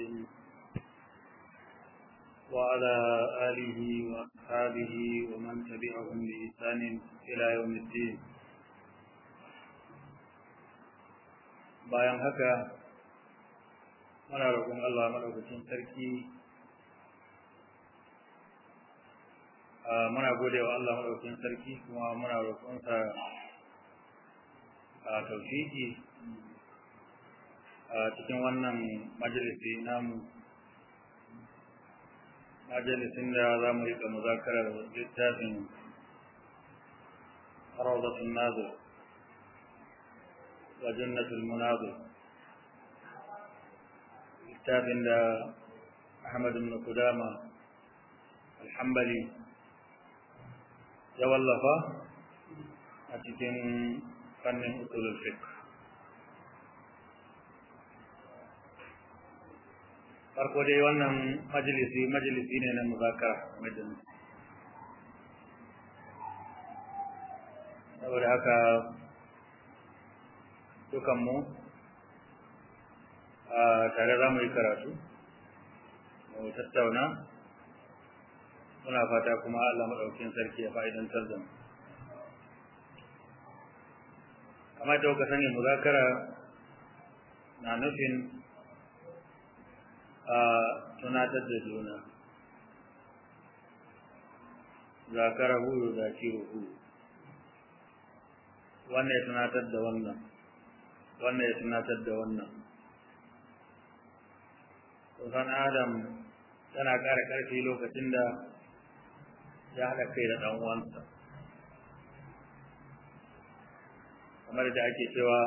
محمد وعلى آله وأصحابه ومن تبعهم بإحسان إلى يوم الدين bayan haka muna roƙon Allah maɗaukacin sarki muna gode wa Allah maɗaukacin sarki kuma muna roƙonsa a taushiki a cikin wannan majalisi namu majalisin da za mu riƙa muzakarar littafin rawdatun nazir wa jannatul munazir littafin da ahmad ibn qudama alhambali ya wallafa a cikin fannin usulul fiqh farko dai wannan majalisi majalisi ne na muzakara majalisi saboda haka dukanmu a tare za mu yi karatu mu tattauna muna fata kuma Allah maɗaukin sarki ya fa'idantar da mu kamar da kuka sani muzakara na nufin tunatar da juna zakara huyu da ciwo wannan ya tunatar da wannan wannan ya tunatar da wannan kusan adam tana ƙara ƙarfi lokacin da ya haɗa kai da ɗan'uwansa. kamar da ake cewa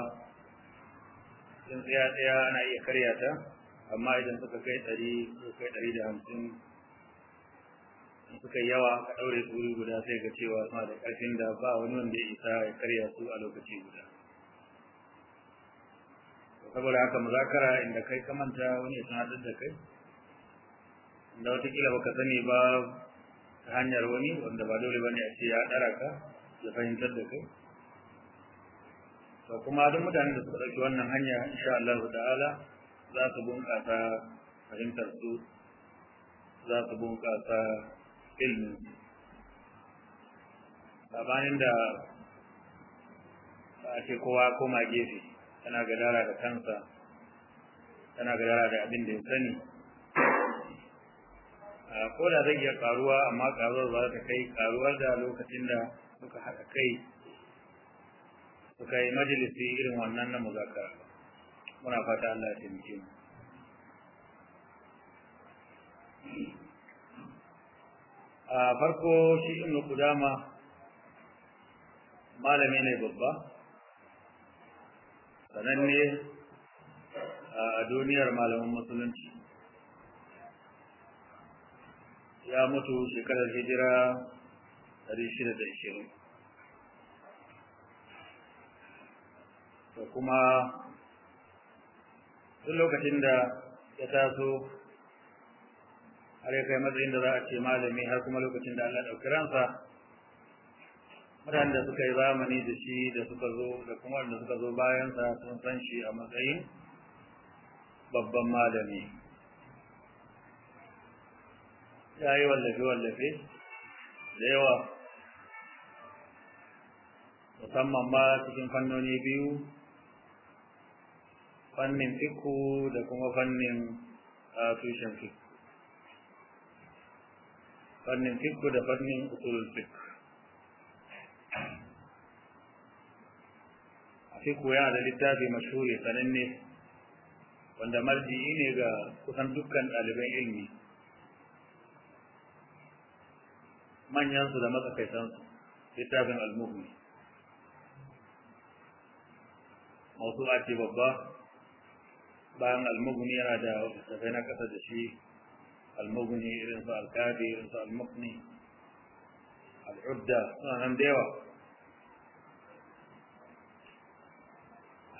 in tsaya tsaya ana iya karya ta amma idan suka kai ɗari ko kai ɗari da hamsin suka yi yawa ka ɗaure su wuri guda sai ga cewa suna da ƙarfin da ba wani wanda ya isa ya karya su a lokaci guda saboda haka muzakara inda kai ka manta wani ya haɗar da kai inda watakila baka sani ba ta hanyar wani wanda ba dole bane a ce ya ɗara ka ya fahimtar da kai to kuma duk mutanen da suka ɗauki wannan hanya insha Allah ta'ala za su bunƙasa fahimtar su za su bunƙasa ilmin bayan da ake kowa koma gefe tana gadara da kansa tana gadara da abin da ya sani ko da zai iya karuwa amma karuwar ba ta kai karuwar da lokacin da suka haɗa kai suka yi majalisi irin wannan na muzakara muna fata Allah ya taimake mu a farko shi ku kudama malami ne babba sananne a duniyar malaman musulunci ya mutu shekarar hijira 620 da kuma duk lokacin da ya taso har ya kai matsayin da za a ce malami har kuma lokacin da Allah ɗauki ransa mutanen da suka yi zamani da shi da suka zo da kuma wanda suka zo bayansa sun san shi a matsayin babban malami ya yi wallafe-wallafe da yawa musamman ma cikin fannoni biyu fannin fiku da kuma fannin ah, tushen fiku fannin fiku da fannin usulul fiku fiku yana da littafi mashuri sananne wanda marji'i ne ga kusan dukkan ɗaliban ilmi manyansu da matsakaitansu littafin al-mughni mawsu'a babba bayan almuguni yana da tafai na kasa da shi almuguni irin su alkadi irin su almukni al'udda suna nan da yawa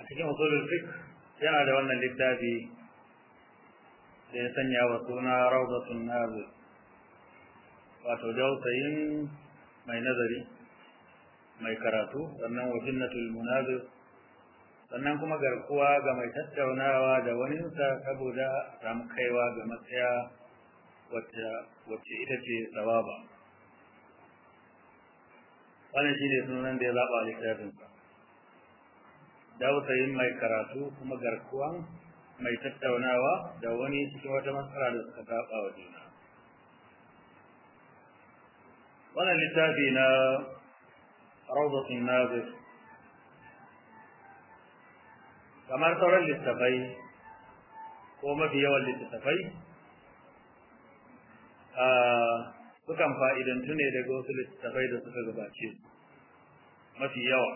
a cikin usulul fiqh yana da wannan littafi da ya sanya wa suna rawdatun nazir wato dausayin mai nazari mai karatu sannan wa jannatul munazir sannan kuma garkuwa ga mai tattaunawa da waninsa saboda samu kaiwa ga matsaya wacce ita ce tsawaba wannan shi ne sunan da ya zaɓa littafinsa yin mai karatu kuma garkuwan mai tattaunawa da wani cikin wata matsala da suka zaɓa wa juna wannan littafi na rawdatun nazis kamar sauran littafai ko mafi yawan littafai sukan fa'idantu ne daga wasu littafai da suka gabace mafi yawa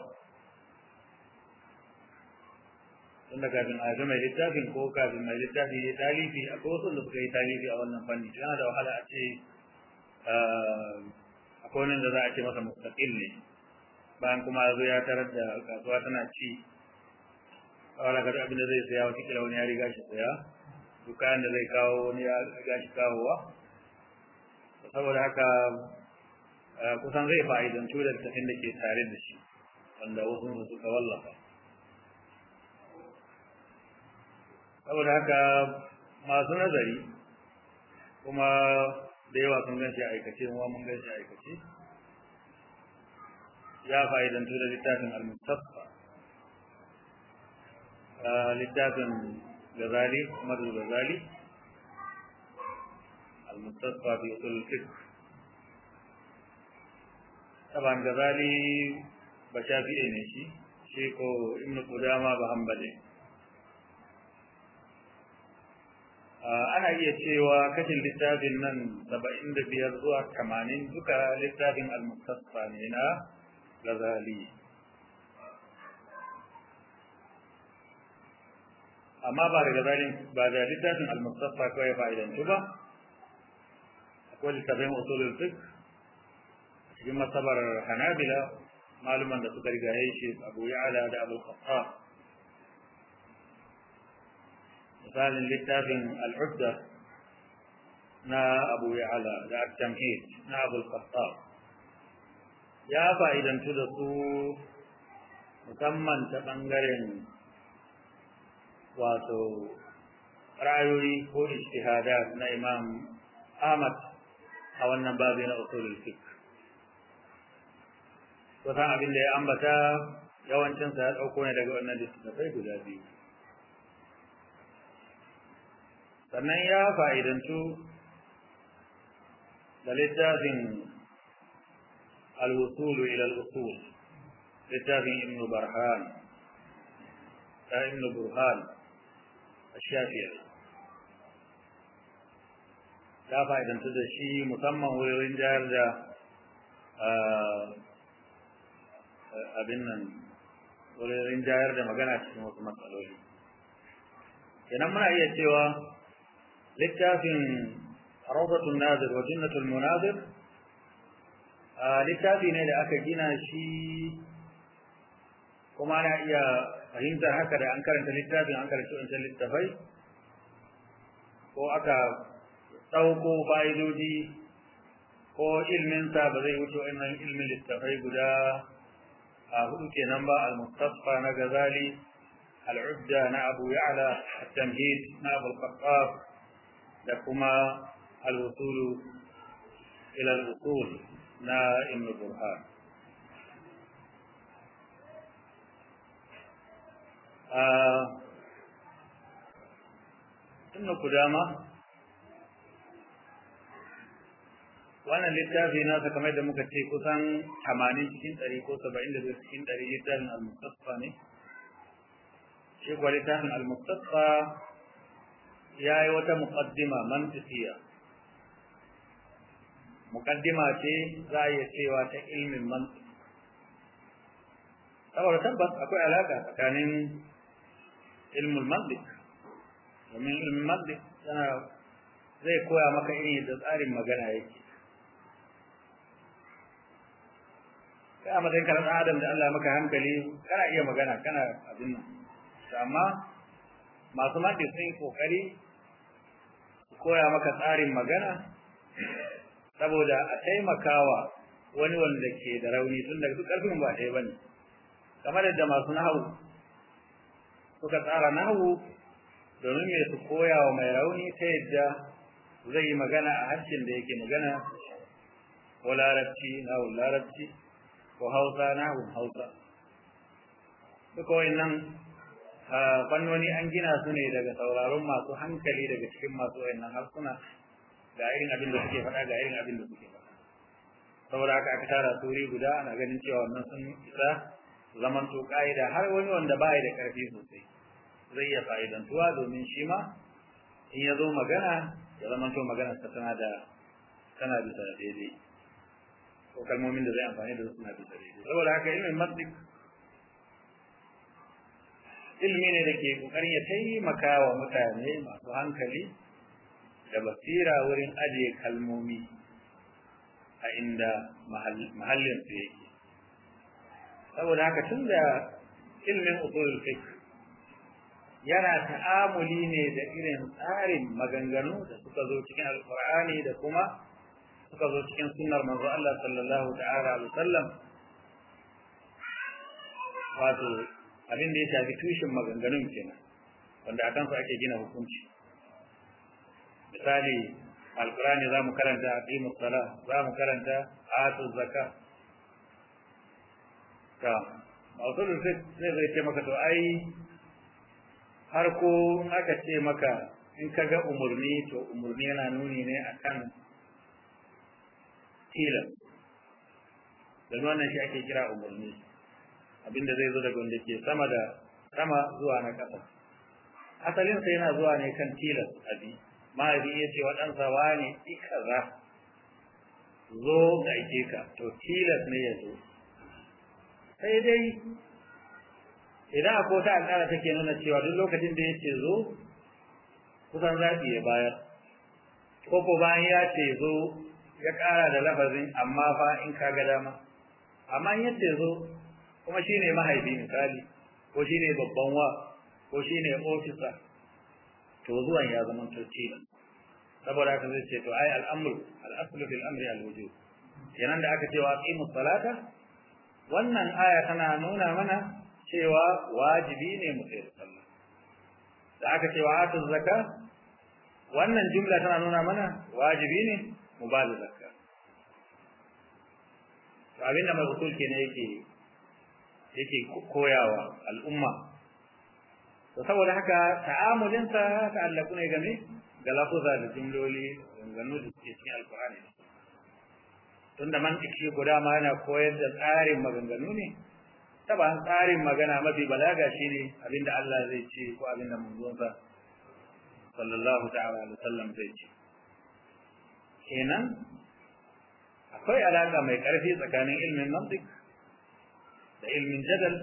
da kafin a ga mai littafin ko kafin mai littafi ya talifi a wasu da suka yi tarihi a wannan fanni yana da wahala a ce a konin da za a ce masa mustaƙil ne bayan kuma zo ya tarar da kasuwa tana ci saboda ka abin da zai saya wata kila wani ya riga shi saya duk kayan da zai kawo wani ya riga shi kawowa saboda haka kusan zai fa'idantu da ta da ke tare da shi wanda wasu su suka wallafa saboda haka masu nazari kuma da yawa sun ganci aikace kuma mun ganci aikace ya fa'idantu da littafin al-mustafa littafin gazali madu gazali al-mustafa bi ulfik taban gazali ba shafi'i ne shi shi ko ibn qudama ba hanbali ana iya cewa kashin littafin nan 75 zuwa 80 duka littafin al-mustafa ne na gazali amma ba daga zalin ba da littafin al-mustafa ko ya fa'idantu ba akwai littafin usulul fiqh cikin masabar hanabila maluman da suka rigaye shi abu ya'ala da abu qatta misalin littafin al-udda na abu ya'ala da at-tamhid na abu qatta ya fa'idantu da su musamman ta bangaren واتو رأيوري كل اجتهادات من إمام آمد أو أن بابين أصول الفكر وثاني أبي اللي أنبتا يوان شنسا أكون لقوا أن دي سنفر قلابي فمن يا فائدا تو لذاذ الوصول إلى الأصول لذاذ ابن برهان آه، ابن برهان الشافعي ta fa'idantu da shi musamman wurin jihar da abin nan wurin jihar da magana cikin wasu matsaloli kenan muna iya cewa littafin rawdatun nazir wa jannatul munazir littafi ne da aka gina shi kuma na iya fahimtar haka da an karanta littafin an karanta wancan littafai ko aka ɗauko fa'idodi ko ilminsa ba zai wuce wannan ilmin littafai guda a hudu kenan ba al-mustafa na gazali al-udda na abu ya'la at-tamhid na abu al-qattab da kuma al-usul ila al-usul na ibn burhan Ah, inna ku dama wannan littafi nasa kamar da muka ce kusan 80 cikin 100 ko 70 cikin 100 littafin al-mustafa ne shi kuwa littafin al-mustafa ya yi wata muqaddima mantiqiya mukaddima ce za a iya cewa ta ilmin man saboda tabbas akwai alaka tsakanin ilmul mantiq domin ilmul mantiq yana zai koya maka irin da tsarin magana yake kai amma matsayin karan adam da Allah maka hankali kana iya magana kana abin nan amma masu mantiq sun yi kokari su koya maka tsarin magana saboda a taimakawa wani wanda ke da rauni tun daga duk ba ɗaya ba ne kamar yadda masu nahawu suka tsara nahu domin mai su koya wa mai rauni ta yadda zai yi magana a harshen da yake magana ko larabci nahu larabci ko hausa nahu hausa duka nan fannoni an gina su ne daga sauraron masu hankali daga cikin masu wayannan harsuna ga irin abin da suke faɗa ga irin abin da suke faɗa saboda haka aka tara turi guda ana ganin cewa wannan sun isa to ka'ida har wani wanda ba da ƙarfi sosai zai iya fa'idantuwa domin shi ma in ya zo magana ya to magana ta tana da tana bisa daidai ko kalmomin da zai amfani da su suna bisa daidai saboda haka ilmin mantik Ilmi ne da ke kokarin ya taimaka wa mutane masu hankali da basira wurin ajiye kalmomi a inda mahallin su yake saboda haka tun da ilmin usulul fiqh yana ta'amuli ne da irin tsarin maganganu da suka zo cikin alqur'ani da kuma suka zo cikin sunnar manzo Allah sallallahu ta'ala alaihi wasallam wato abin da ya shafi tushen maganganun kenan wanda akan su ake gina hukunci misali alqur'ani zamu karanta aqimus salah zamu karanta atuz zakah ta mausulun zai ce maka to ai har ko aka ce maka in ka ga umarni to umarni yana nuni ne akan tilas da wannan shi ake kira umarni abinda zai zo daga wanda ke sama da sama zuwa na ƙasa asalinsa yana zuwa ne kan tilas abi ma'abi ya ce waɗansa wa ne ikaza zo ga aike ka to tilas ne ya zo sai dai idan akwai wata al'ada take nuna cewa duk lokacin da yake zo kusan zaɓi ya bayar ko ko bayan ya ce zo ya ƙara da lafazin amma fa in ka ga dama amma in yace zo kuma shine mahaifi misali ko shine babban wa ko shine ofisa to zuwan ya zama tartiba saboda haka zai ce to ai al'amru al'aslu fil amri al-wujub kenan da aka ce wa aqimu salata wannan aya tana nuna mana cewa wajibi ne mu sai sallah da aka ce wa atu zakka wannan jumla tana nuna mana wajibi ne mu ba da zakka to abin da mazkul ne yake yake koyawa al'umma to saboda haka ta'amulinsa ta'allaku ne game ga lafuza da jumloli dangane da cikin alqur'ani tunda mantiki guda ma yana koyar da tsarin maganganu ne taban tsarin magana mafi balaga shine abinda Allah zai ce ko abinda manzonsa sallallahu ta'ala alaihi wasallam zai ce kenan akwai alaka mai karfi tsakanin ilmin mantik da ilmin jadal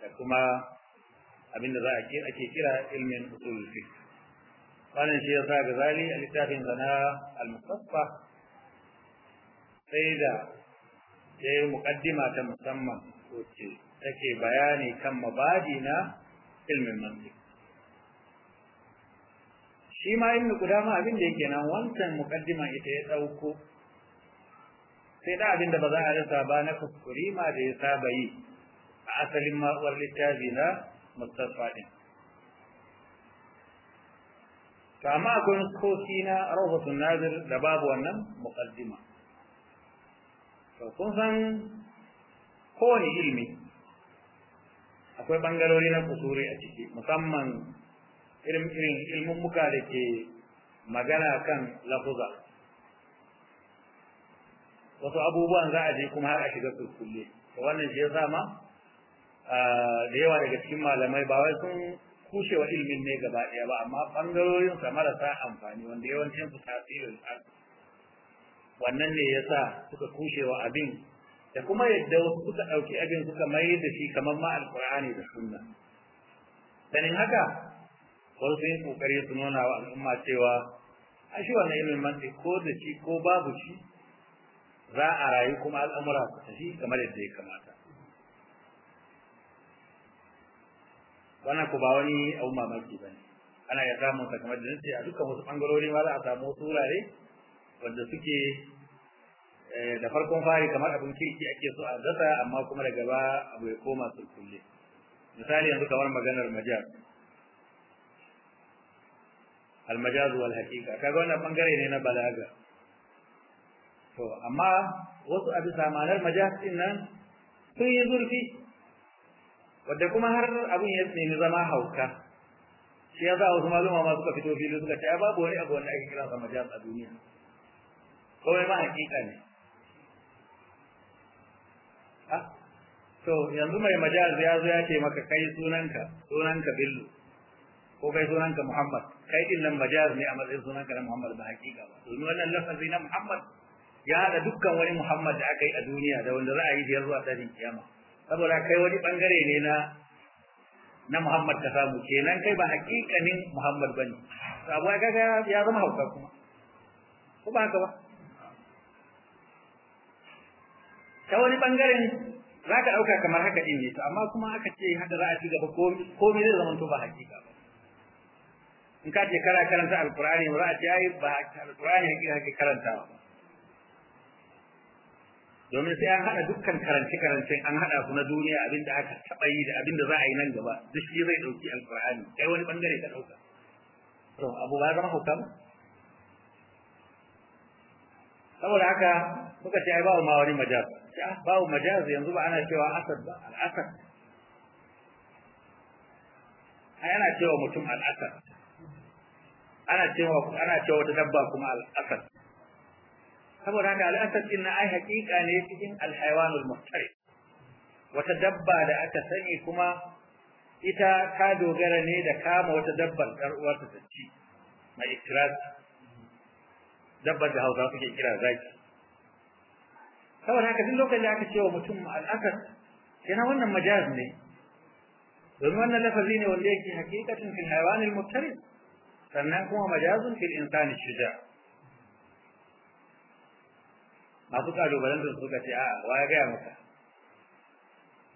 da kuma abinda za a ce ake kira ilmin usul fiqh wannan shi yasa gazali a littafin sana sai da ya yi muƙaddima ta musamman wacce take bayani kan mabadi na ilmin mantiq shi ma ibnu qudama abin da yake nan wancan mukaddima ita ya dauko sai da abin da ba za a rasa ba na kuskure ma da ya saba yi a asalin ma'uwar littafi na mustafa din to amma akwai nuskoki na rahoton nazir da babu wannan muƙaddima. to kowane ilimi akwai bangarori na kusuri a ciki musamman irin irin ilmummuka da ke magana kan lafuza wasu abubuwan za a je kuma har a shiga su kulle to wannan shi ma da yawa daga cikin malamai ba wai sun kushe wa ilimin ne gaba ɗaya ba amma bangarorin sa marasa amfani wanda yawancin su tasirin wannan ne yasa suka kushewa abin da kuma yadda wasu suka ɗauki abin suka mai da shi kamar ma alkur'ani da sunna dan haka wani sai kokari su nuna wa al'umma cewa a shi wannan ilimin mantsi ko da shi ko babu shi za a rayu kuma al'amura su tafi kamar yadda ya kamata wannan ku ba wani abu mamaki ba ne ana iya samun kamar da nace a dukkan wasu bangarori ma za a samu wasu wurare wanda suke eh, da farkon fari kamar abin kirki ake so a zata amma kuma daga ba abu ya koma sulkulle misali yanzu kamar maganar majaz almajaz wal haqiqa kaga wannan bangare ne na balaga to amma wasu abin samanar majaz din nan sun yi zurfi wadda kuma har abin ya nemi zama hauka shi ya za wasu maluma ma suka fito fili suka ce babu wani abu wanda ake kira sa majaz a duniya kawai ba hakika ne to yanzu mai majaz ya zo ya ce maka kai sunanka sunanka billu ko kai sunanka muhammad kai din nan majaz ne a matsayin sunanka na muhammad ba hakika ba domin wannan lafazi na muhammad ya haɗa dukkan wani muhammad da aka yi a duniya da wanda za a yi biyar zuwa tsarin kiyama saboda kai wani bangare ne na na muhammad ka samu kenan kai ba hakikanin muhammad bane sabuwa kaga ya zama hauka kuma ko ba haka ba ta wani bangaren za ka ɗauka kamar haka ɗin ne to amma kuma aka ce haka za a ci gaba komai zai zama to ba hakika ba in ka ce kana karanta alkurani ba za a ce ai ba alkurani hakika kake karantawa ba domin sai an haɗa dukkan karance-karance an haɗa su na duniya abinda aka taɓa yi da abinda za a yi nan gaba duk shi zai ɗauki alkur'ani kai wani ɓangare ka ɗauka to abu ba zama hauka saboda haka suka ce ai babu ma wani majaz babu majaz yanzu ba ana cewa asad ba al'asad ai ana cewa mutum al'asad ana cewa ana cewa wata dabba kuma al'asad saboda haka al'asad din na ai hakika ne cikin al muhtari wata dabba da aka sani kuma ita ta dogara ne da kama wata dabbar ɗan uwarta ta ci mai ikras dabbar da Hausa suke kira zaki saboda haka duk lokacin da aka ce wa mutum al'akar yana wannan majaz ne domin wannan lafazi ne wanda yake hakikatin fil hayawan al muftarid sannan kuma majazun fil insani shija masu kalubalen da suka ce a wa ya gaya maka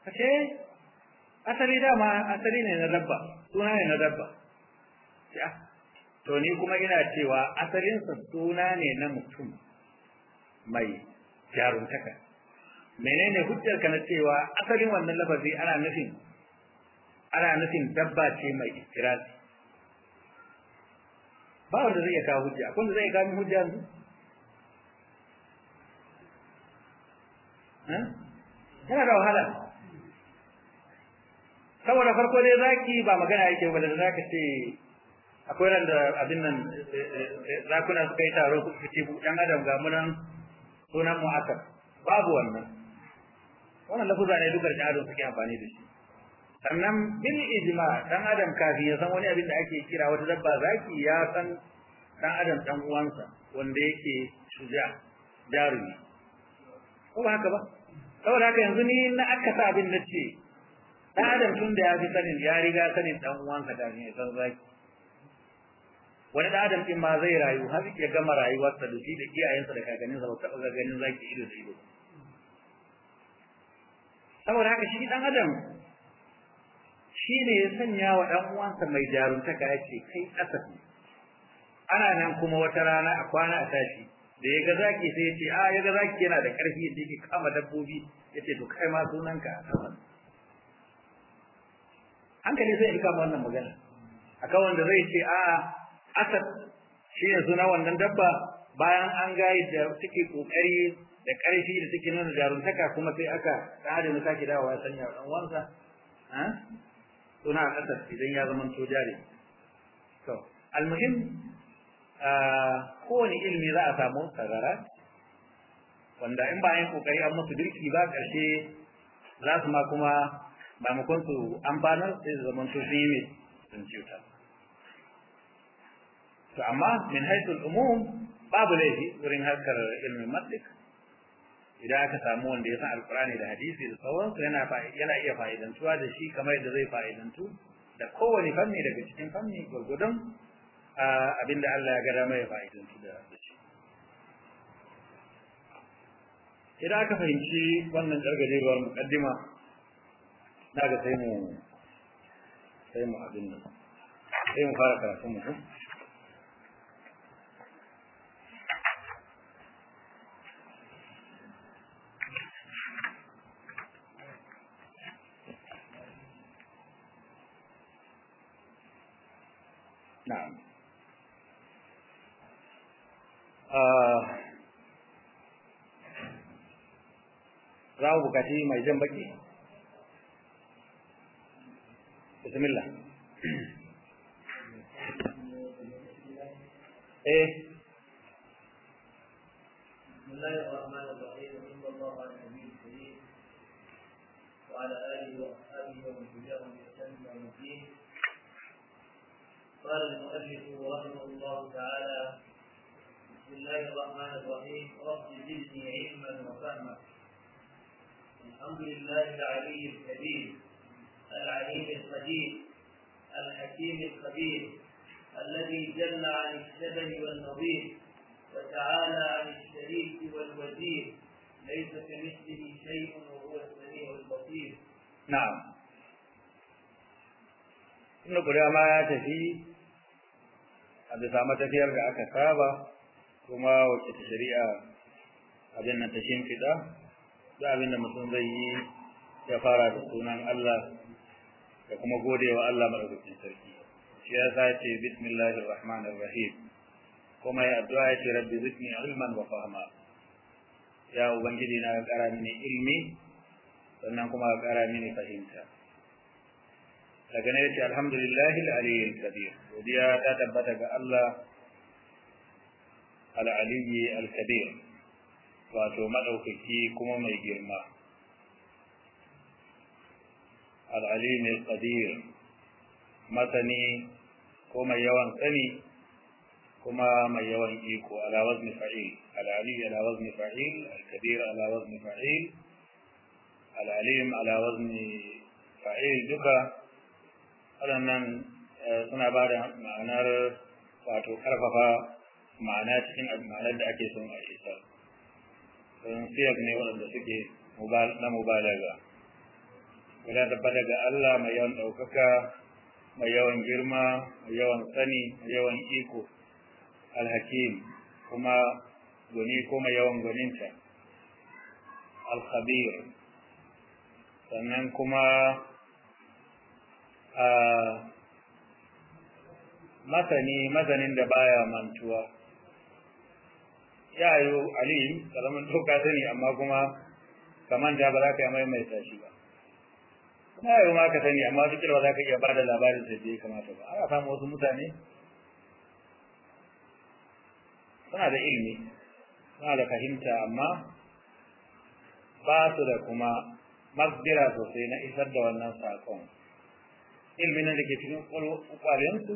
kace asali dama asali ne na dabba suna ne na dabba to ni kuma ina cewa asalinsa suna ne na mutum mai jaruntaka menene hujjar ka na cewa asalin wannan lafazi ana nufin ana nufin dabba ce mai istirasi ba wanda zai kawo hujja kun zai kawo hujja ne? Eh? Tana da wahala saboda farko dai zaki ba magana yake ba da zaka ce akwai ran da abin nan eh, eh, zakuna suka yi taro su ci dan adam ga munan sunan mu'akkad babu wannan wannan lafuza ne dukkan da suke amfani da shi sannan bil ijma dan adam kafi ya san wani abin da ake kira wata dabba zaki ya san dan adam dan uwansa wanda yake shuja jarumi ko ba haka ba saboda haka yanzu ni na aka sa abin da ce dan adam tun da ya fi sanin ya riga sanin dan uwansa da ne san zaki wani da adam din ma zai rayu har ya gama rayuwarsa da shi da iyayensa da kakanninsa ba taɓa ganin zaki ido da ido saboda haka shi dan adam shi ne ya sanya wa ɗan uwansa mai jaruntaka ya ce kai asafi ana nan kuma wata rana a kwana a tashi da ya ga zaki sai ya ce a ah, ya ga zaki yana da ƙarfi da yake kama dabbobi ya ce to kai ma sunanka a saman hankali zai kama wannan magana akan wanda zai ce a asad shi ne suna wannan dabba bayan an gaye da suke kokari da karfi da suke nuna jaruntaka kuma sai aka tsare na sake dawowa ya sanya dan wansa suna asad idan ya zama to jari to almuhim kowane ilimi za a samu tagara wanda in bayan kokari an musu birki ba karshe za su ma kuma ba mu kuntu amfanar sai zaman to zime in ciuta to amma min haisul umum babu laifi wurin harkar ilmin mantiq idan aka samu wanda ya san alqur'ani da hadisi da sauransu yana yana iya fa'idantuwa da shi kamar yadda zai fa'idantu da koWani fanni daga cikin fanni gurgudun abinda Allah ya ga dama ya fa'idantu da shi idan aka fahimci wannan gargajerwar mukaddima daga sai mu sai mu abin nan sai mu fara karatun mu bukaci mai jan baki bismillah eh بسم الله الرحمن الرحيم وصلى الله على النبي الكريم وعلى اله واصحابه ومن تبعهم باحسان الى الدين قال المؤلف رحمه الله تعالى بسم الله الرحمن الحمد لله العلي الكبير العليم القدير الحكيم الخبير الذي جل عن الشبه والنظير وتعالى عن الشريك والوزير ليس كمثله شيء وهو السميع البصير نعم إن guda ma ya tafi a bisa matafiyar da aka saba kuma wacce ta shari'a abin nan ta shimfiɗa duk abin da mutum zai yi ya fara da sunan Allah da kuma godewa Allah madaukakin sarki shi ya sace bismillahir rahmanir rahim kuma ya addu'a ya ce rabbi zidni ilman wa fahma ya ubangiji na kara mini ilmi sannan kuma ka kara mini fahimta daga ne yace alhamdulillahi aliyyil kabir godiya ta tabbata ga Allah al-aliyyi al-kabir wato madaukaki kuma mai girma al-alim al-qadir matani ko mai yawan sani kuma mai yawan iko ala wazni fa'il al-ali ala wazni fa'il al kabir ala wazni fa'il al-alim ala wazni fa'il duka alannan suna bada ma'anar wato karfafa ma'ana cikin ma'anar da ake son a isar domin siyar ne waɗanda suke na mubalaga ta tabbata ga Allah mai yawan ɗaukaka mai yawan girma mai yawan sani mai yawan iko alhakim kuma goni ko mai yawan goninta. alkhabir sannan kuma a ah, masani masanin da baya mantuwa ya Ali alim karamin toka sani amma kuma kaman da ba za ka yi mai mai tashi ba Ya ya ma ka sani amma duk ba za ka iya bada labarin da ya kamata ba ana samu wasu mutane suna da ilimi suna da fahimta amma ba su da kuma masgira sosai na isar da wannan sakon ilimin da ke cikin kwalwalinsu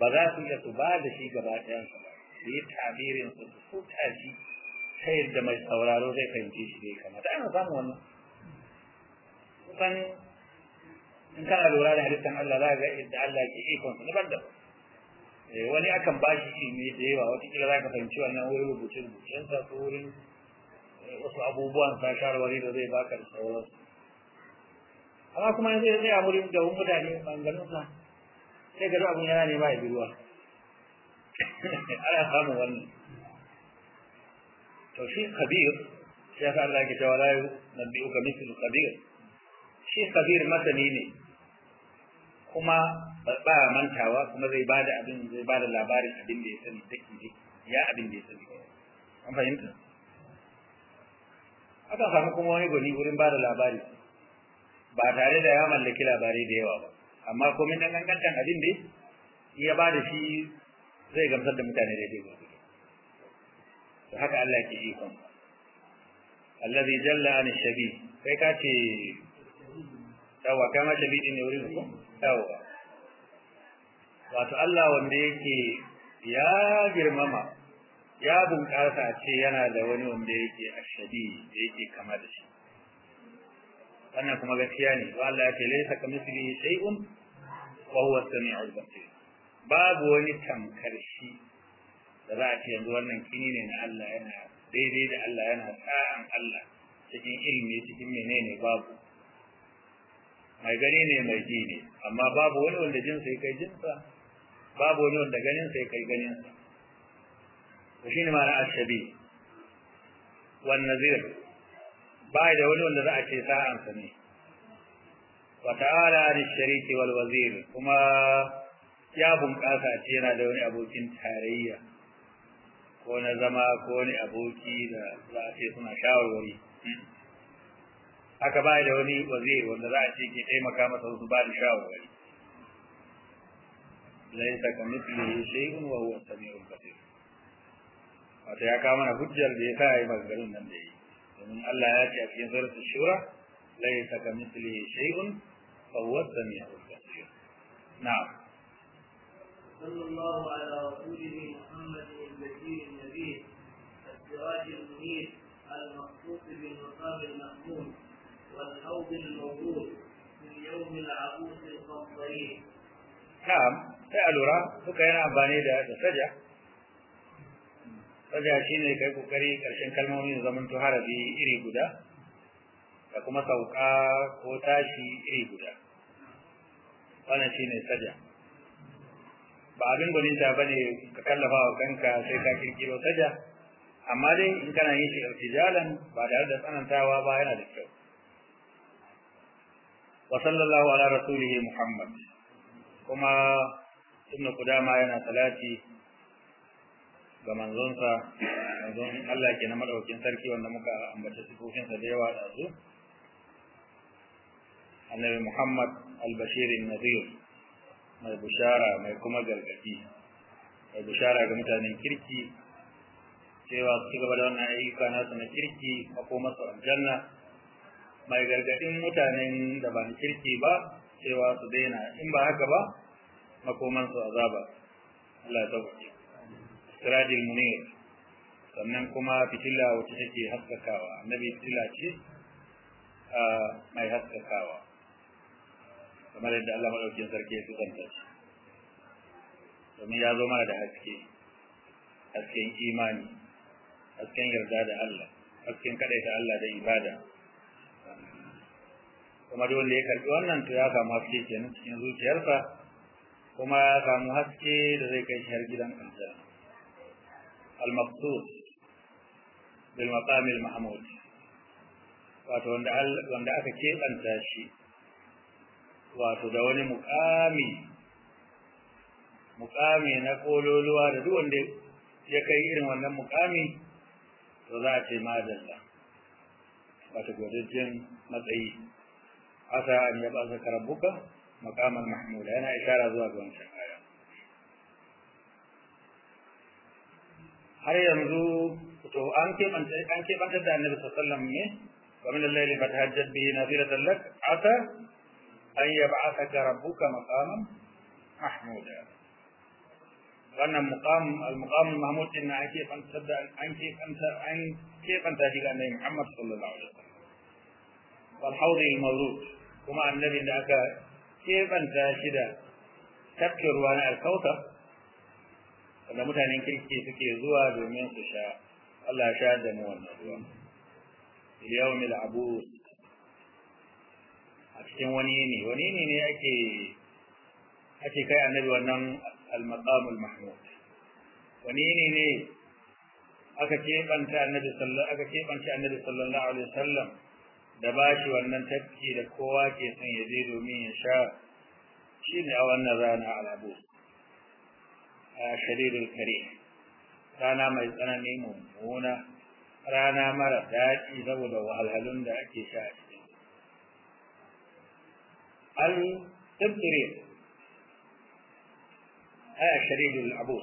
ba za su iya su ba da shi gaba ɗayansa ba su yi tabirin su su futa shi ta yadda mai sauraro zai fahimci shi bai kamata ana samun wannan kusan in kana lura da halittar Allah za ga yadda Allah ke ikon su daban daban eh, wani akan ba shi ilimi da yawa watakila za ka fahimci wannan wurin rubuce-rubucensa ko wurin eh, wasu abubuwan sa shawarwari da zai baka da sauransu amma kuma yanzu ya tsaya wurin da wani mutane banganinsa sai ga abin yana nema ya bi ruwa ana samun wannan to shi kabir sai ka Allah ya jawa layu nabi'uka mithlu kabir shi kabir masani ne kuma ba mantawa kuma zai bada abin zai bada labarin abin da ya sani take ne ya abin da ya sani an fahimta aka samu kuma wani gwani wurin bada labari ba tare da ya mallaki labari da yawa ba amma komai dan abin da ya bada shi zai gamsar da mutane da yake to haka Allah ke yi kon allazi jalla an shabi kai ka ce tawa kama shabi din ne wurin ku tawa wato Allah wanda yake ya girmama ya bunƙasa ce yana da wani wanda yake ashabi da yake kama da shi wannan kuma gaskiya ne wa Allah ya ce laysa kamithlihi shay'un wa huwa as-sami'ul basir babu wani tamkar shi da za a ce yanzu wannan kini ne na Allah yana daidai da Allah yana sa'an Allah cikin ilimi cikin menene babu mai gani ne mai ji ne amma babu wani wanda jin ya kai jinsa babu wani wanda ganin ya kai sa to shine ma'ana ashabi wan nazir ba da wani wanda za a ce sa ne wa ta'ala al-shariki wal wazir kuma ya bunƙasa ce yana da wani abokin tarayya ko na zama ko wani aboki da za a ce suna shawarwari haka ba da wani wazir wanda za a ce ke taimaka masa wasu ba da shawarwari laisa ka mislihi shay'un wa huwa samiul basir Wata ya kama na hujjar da ya sa yi maganganun nan da yi domin Allah ya ce a cikin suratul shura laisa ka mislihi shay'un wa huwa samiul basir na'am صلى الله على رسوله محمد البشير النبي السراج المنير المخصوص بالمقام المحمود والحوض الموجود في اليوم العبوس القمطري نعم sai lura suka yana amfani da saja saja shine kai kokari karshen kalmomin zaman to harafi iri guda da kuma sauka ko tashi iri guda wannan shine saja ba abin gwaninta ba ne ka kallafa wa kanka sai ka kirkiro saja amma dai in kana yin shi irtijalan ba tare da tsanantawa ba yana da kyau wa sallallahu ala rasulihi muhammad kuma sunna kudama yana salati ga manzonsa manzon Allah ke na madaukin sarki wanda muka ambata sa da yawa da su annabi muhammad al-bashir an-nadhir mai bushara mai kuma gargadi mai bushara ga mutanen kirki cewa su gaba da wannan ayyuka nasu na kirki makomarsu aljanna mai gargadin mutanen da ba na kirki ba cewa su daina in ba haka ba makomansu azaba Allah ya tabbace siradil munir sannan kuma fitila wacce take haskakawa annabi fitila ce ah, mai haskakawa kamar yadda Allah madaukakin sarki ya kusanta shi domin ya zo mana da haske hasken imani hasken yarda da Allah hasken kadaita Allah da ibada kuma duk wanda ya karbi wannan to ya samu haske kenan cikin zuciyarsa kuma ya samu haske da zai kai shi har gidan aljanna al-maqsud bil maqam al-mahmud wato wanda aka keɓanta shi wato da wani mukami mukami na kololuwa da duk wanda ya kai irin wannan mukami to za a ce madalla wato gwadajen matsayi asa an yaba zaka rabbuka maqaman mahmuda yana ishara zuwa ga wancan aya har yanzu to an keɓanta an keɓanta da annabi sallallahu alaihi wasallam ne wa min al-layli fatahajjat bihi nafilatan lak ata أن يبعثك ربك مقاما محمودا وأن المقام المقام المحمود إن كيف أن تبدأ أن كيف أن كيف أنت تجد أن محمد صلى الله عليه وسلم والحوض المولود وما النبي ذاك كيف أن تجد تذكر وأنا الكوثر أنا متهن إن كنت كيف كيف زواج ومن سشاء الله شاهد مو النبي اليوم العبوس a cikin wani ne wani ne ne ake ake kai annabi wannan al-maqamul mahmud wani ne ne aka ce banta annabi sallallahu aka ce banta annabi sallallahu alaihi wasallam da bashi wannan tafki da kowa ke san ya je domin ya sha shi ne a wannan rana al-abu a sharirul kare rana mai tsanani mummuna rana mara dadi saboda wahalhalun da ake sha التبريق هذا آه، شريد العبوس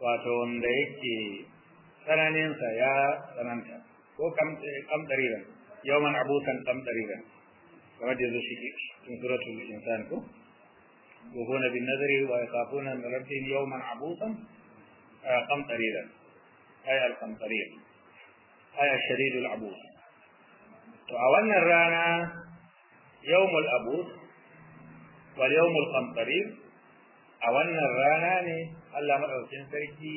واتون ديك سنانين سيا سنانتا هو كم كم تريدا يوما عبوسا كم تريدا كما جزو من سورة الإنسان يوفون بالنذر ويخافون من ربهم يوما عبوسا آه، كم تريدا أي القمطرير أي الشديد العبوس وأولنا الرانا yawmul abud wal yawmul qamtarin a wannan rana ne Allah madaukakin sarki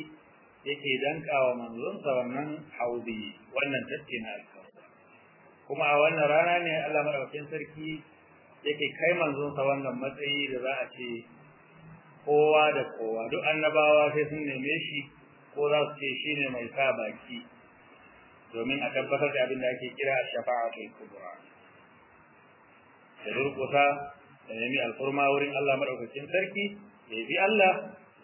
yake dankawa manzonsa wannan haudi wannan tafki na alkawari kuma a wannan rana ne Allah madaukakin sarki yake kai manzonsa wannan matsayi da za a ce kowa da kowa duk annabawa sai sun neme shi ko za su ce shi ne mai sa baki domin a tabbatar da abin da ake kira shafa'atul kubra da durƙusa da nemi alfurma wurin Allah madaukakin sarki ya bi Allah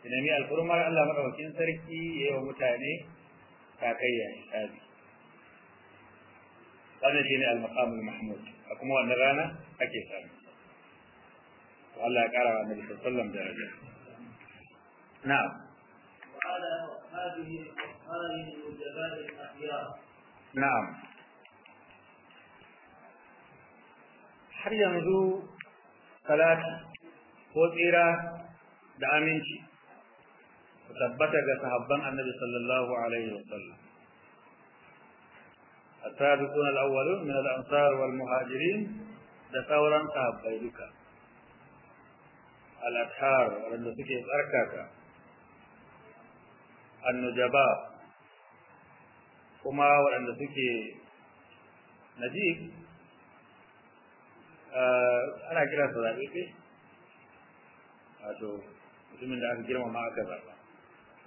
da nemi alfurma Allah madaukakin sarki ya yi wa mutane kakayya hisabi wannan shine al-maqamul mahmud a kuma wannan rana ake samu Allah ya kara wa Annabi sallallahu alaihi wasallam daraja na'am وعلى أصحابه وأصحابه الجبال الأخيار نعم har yanzu talati ko tsira da aminci ta tabbata ga sahabban annabi sallallahu alaihi wa sallam السابقون الأولون من الأنصار والمهاجرين تصورا صاحب بيدك الأطهار عند فكرة أركاك النجباء كما عند فكرة نجيب آه، أنا كذا أشوف أشوف مسلم لا أذكر ما معك ذا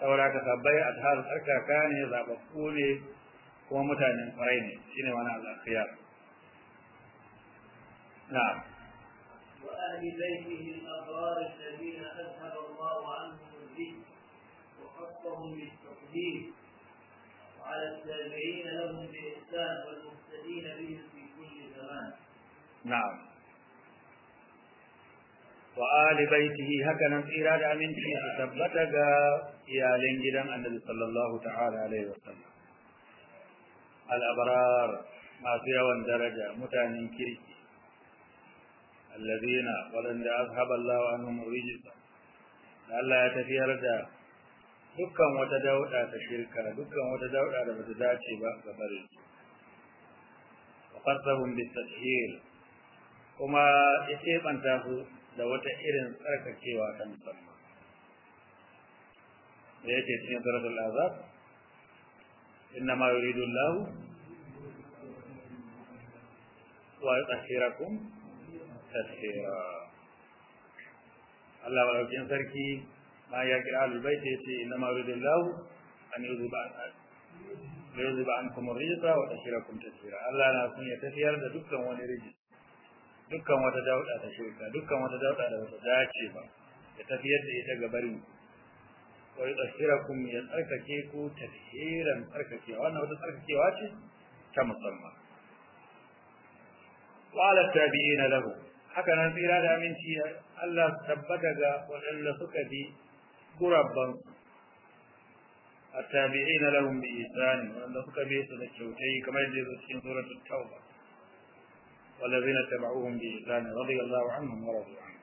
أولا كتبايا أدهار أركا كاني ذا بقولي هو متعني فريني شيني وانا على الخيار نعم وأهل بيته الأبرار الذين أذهب الله عنهم الذكر وحطهم بالتقدير وعلى التابعين لهم بإحسان والمهتدين بهم في كل زمان نعم wa ali baitihi haka tsira da aminci su tabbata ga iyalan gidan annabi sallallahu alaihi wasallam al-abrar masu yawan daraja mutanen kirki alladhina waɗanda azhaba Allahu anhum rijsa Allah ya tafiyar da dukkan wata dauda ta shirka dukkan wata dauɗa da bata dace ba ga bare wa qasabun bitakhir kuma ya banta su da wata irin tsarkakewa ta musamman da yake cikin suratul al'azab inna ma yuridu Allah wa yutahhirakum tatheera Allah wajen sarki ma ya kira al bait yace inna ma yuridu Allah an yuzba yuzba ankum rijsa wa tahhirakum tatheera Allah na sun ya tafiyar da dukkan wani rijis dukkan wata dauda ta shirka dukkan wata dauda da wata dace ba ya tafiyar da ita ga barin wa yudhkirakum ya tsarkake ku tafsiran tsarkake wannan wata tsarkakewa ce ta musamman qala tabi'ina lahu haka nan tsira da aminci Allah tabbata ga wadanda suka bi gurabban التابعين لهم بإحسان وأن لك بيس للشوتي كما يجب في سورة التوبة والذين تبعوهم بإحسان رضي الله عنهم ورضوا عنه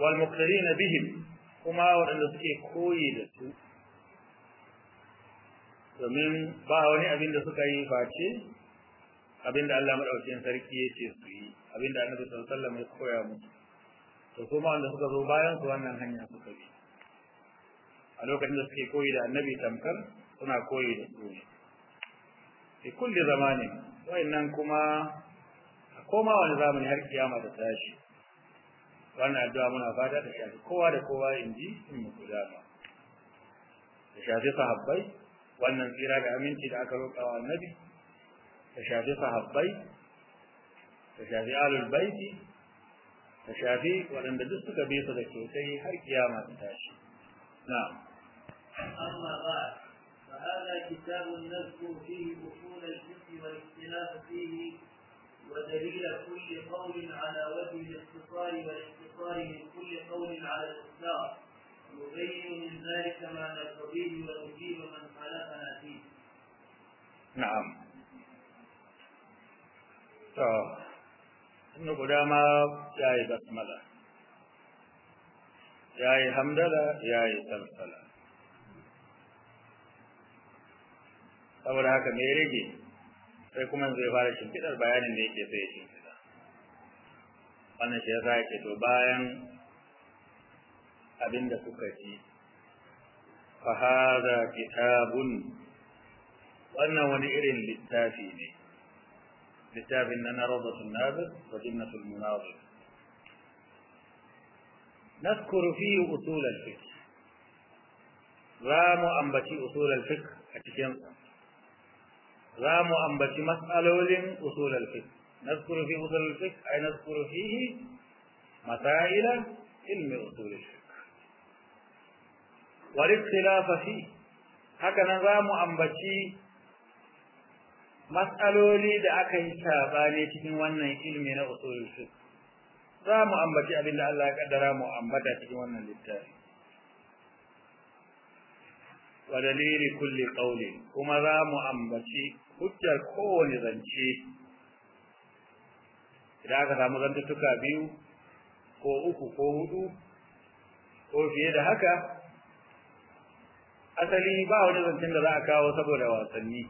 والمقرين بهم هما ورزقي كويدة ومن باوني أبين دسكي فاتي أبين دعلا مرأوشين سريكي يتيسي أبين دعنا صلى الله عليه وسلم يقويا مجد فهما أن دسكي ذوبايان سوانا هنيا سكي ألو كان دسكي كويدة النبي تمكر هنا كويدة في كل زمان wayannan kuma koma wani zamani har kiyama da tashi wannan addu'a muna fata da shafi kowa da kowa inji in muku dama da shafi sahabbai wannan tsira da aminci da aka roƙa wa annabi da shafi sahabbai da shafi alul baiti da shafi waɗanda duk suka bi su da kyautai har kiyama ta tashi na'am amma ba فهذا كتاب نذكر فيه اصول الفقه والاختلاف فيه ودليل كل قول على وجه الاختصار والاختصار من كل قول على الاختصار نبين من ذلك ما نرتضيه ونجيب من خالفنا فيه. نعم. ان قدام جاي yi basmala ya yi hamdala ya yi saboda haka me ya rage sai kuma zai fara shimfidar bayanin da yake sai ya shimfida wannan shi yasa yake to bayan abin da kuka ji fa hadha kitabun wannan wani irin littafi ne littafin nan na rawdatul nadir wa jannatul munazir نذكر فيه أصول الفقه za mu ambaci usulul fiqh a cikin za mu ambaci mas'alolin usul al-fiqh nazkuru fi usul al-fiqh ay nazkuru fihi masail ilmi usul al-fiqh wal ikhtilaf fi haka nan za mu ambaci mas'aloli da aka yi sabani cikin wannan ilmi na usul al-fiqh za mu ambaci abin da Allah ya kaddara mu ambata cikin wannan littafi wa dalili kulli qawli kuma za mu ambaci hujjar kowane zance idan aka samu zantattuka biyu ko uku ko hudu ko fiye da haka asali ba wani zancen da za a kawo saboda wasanni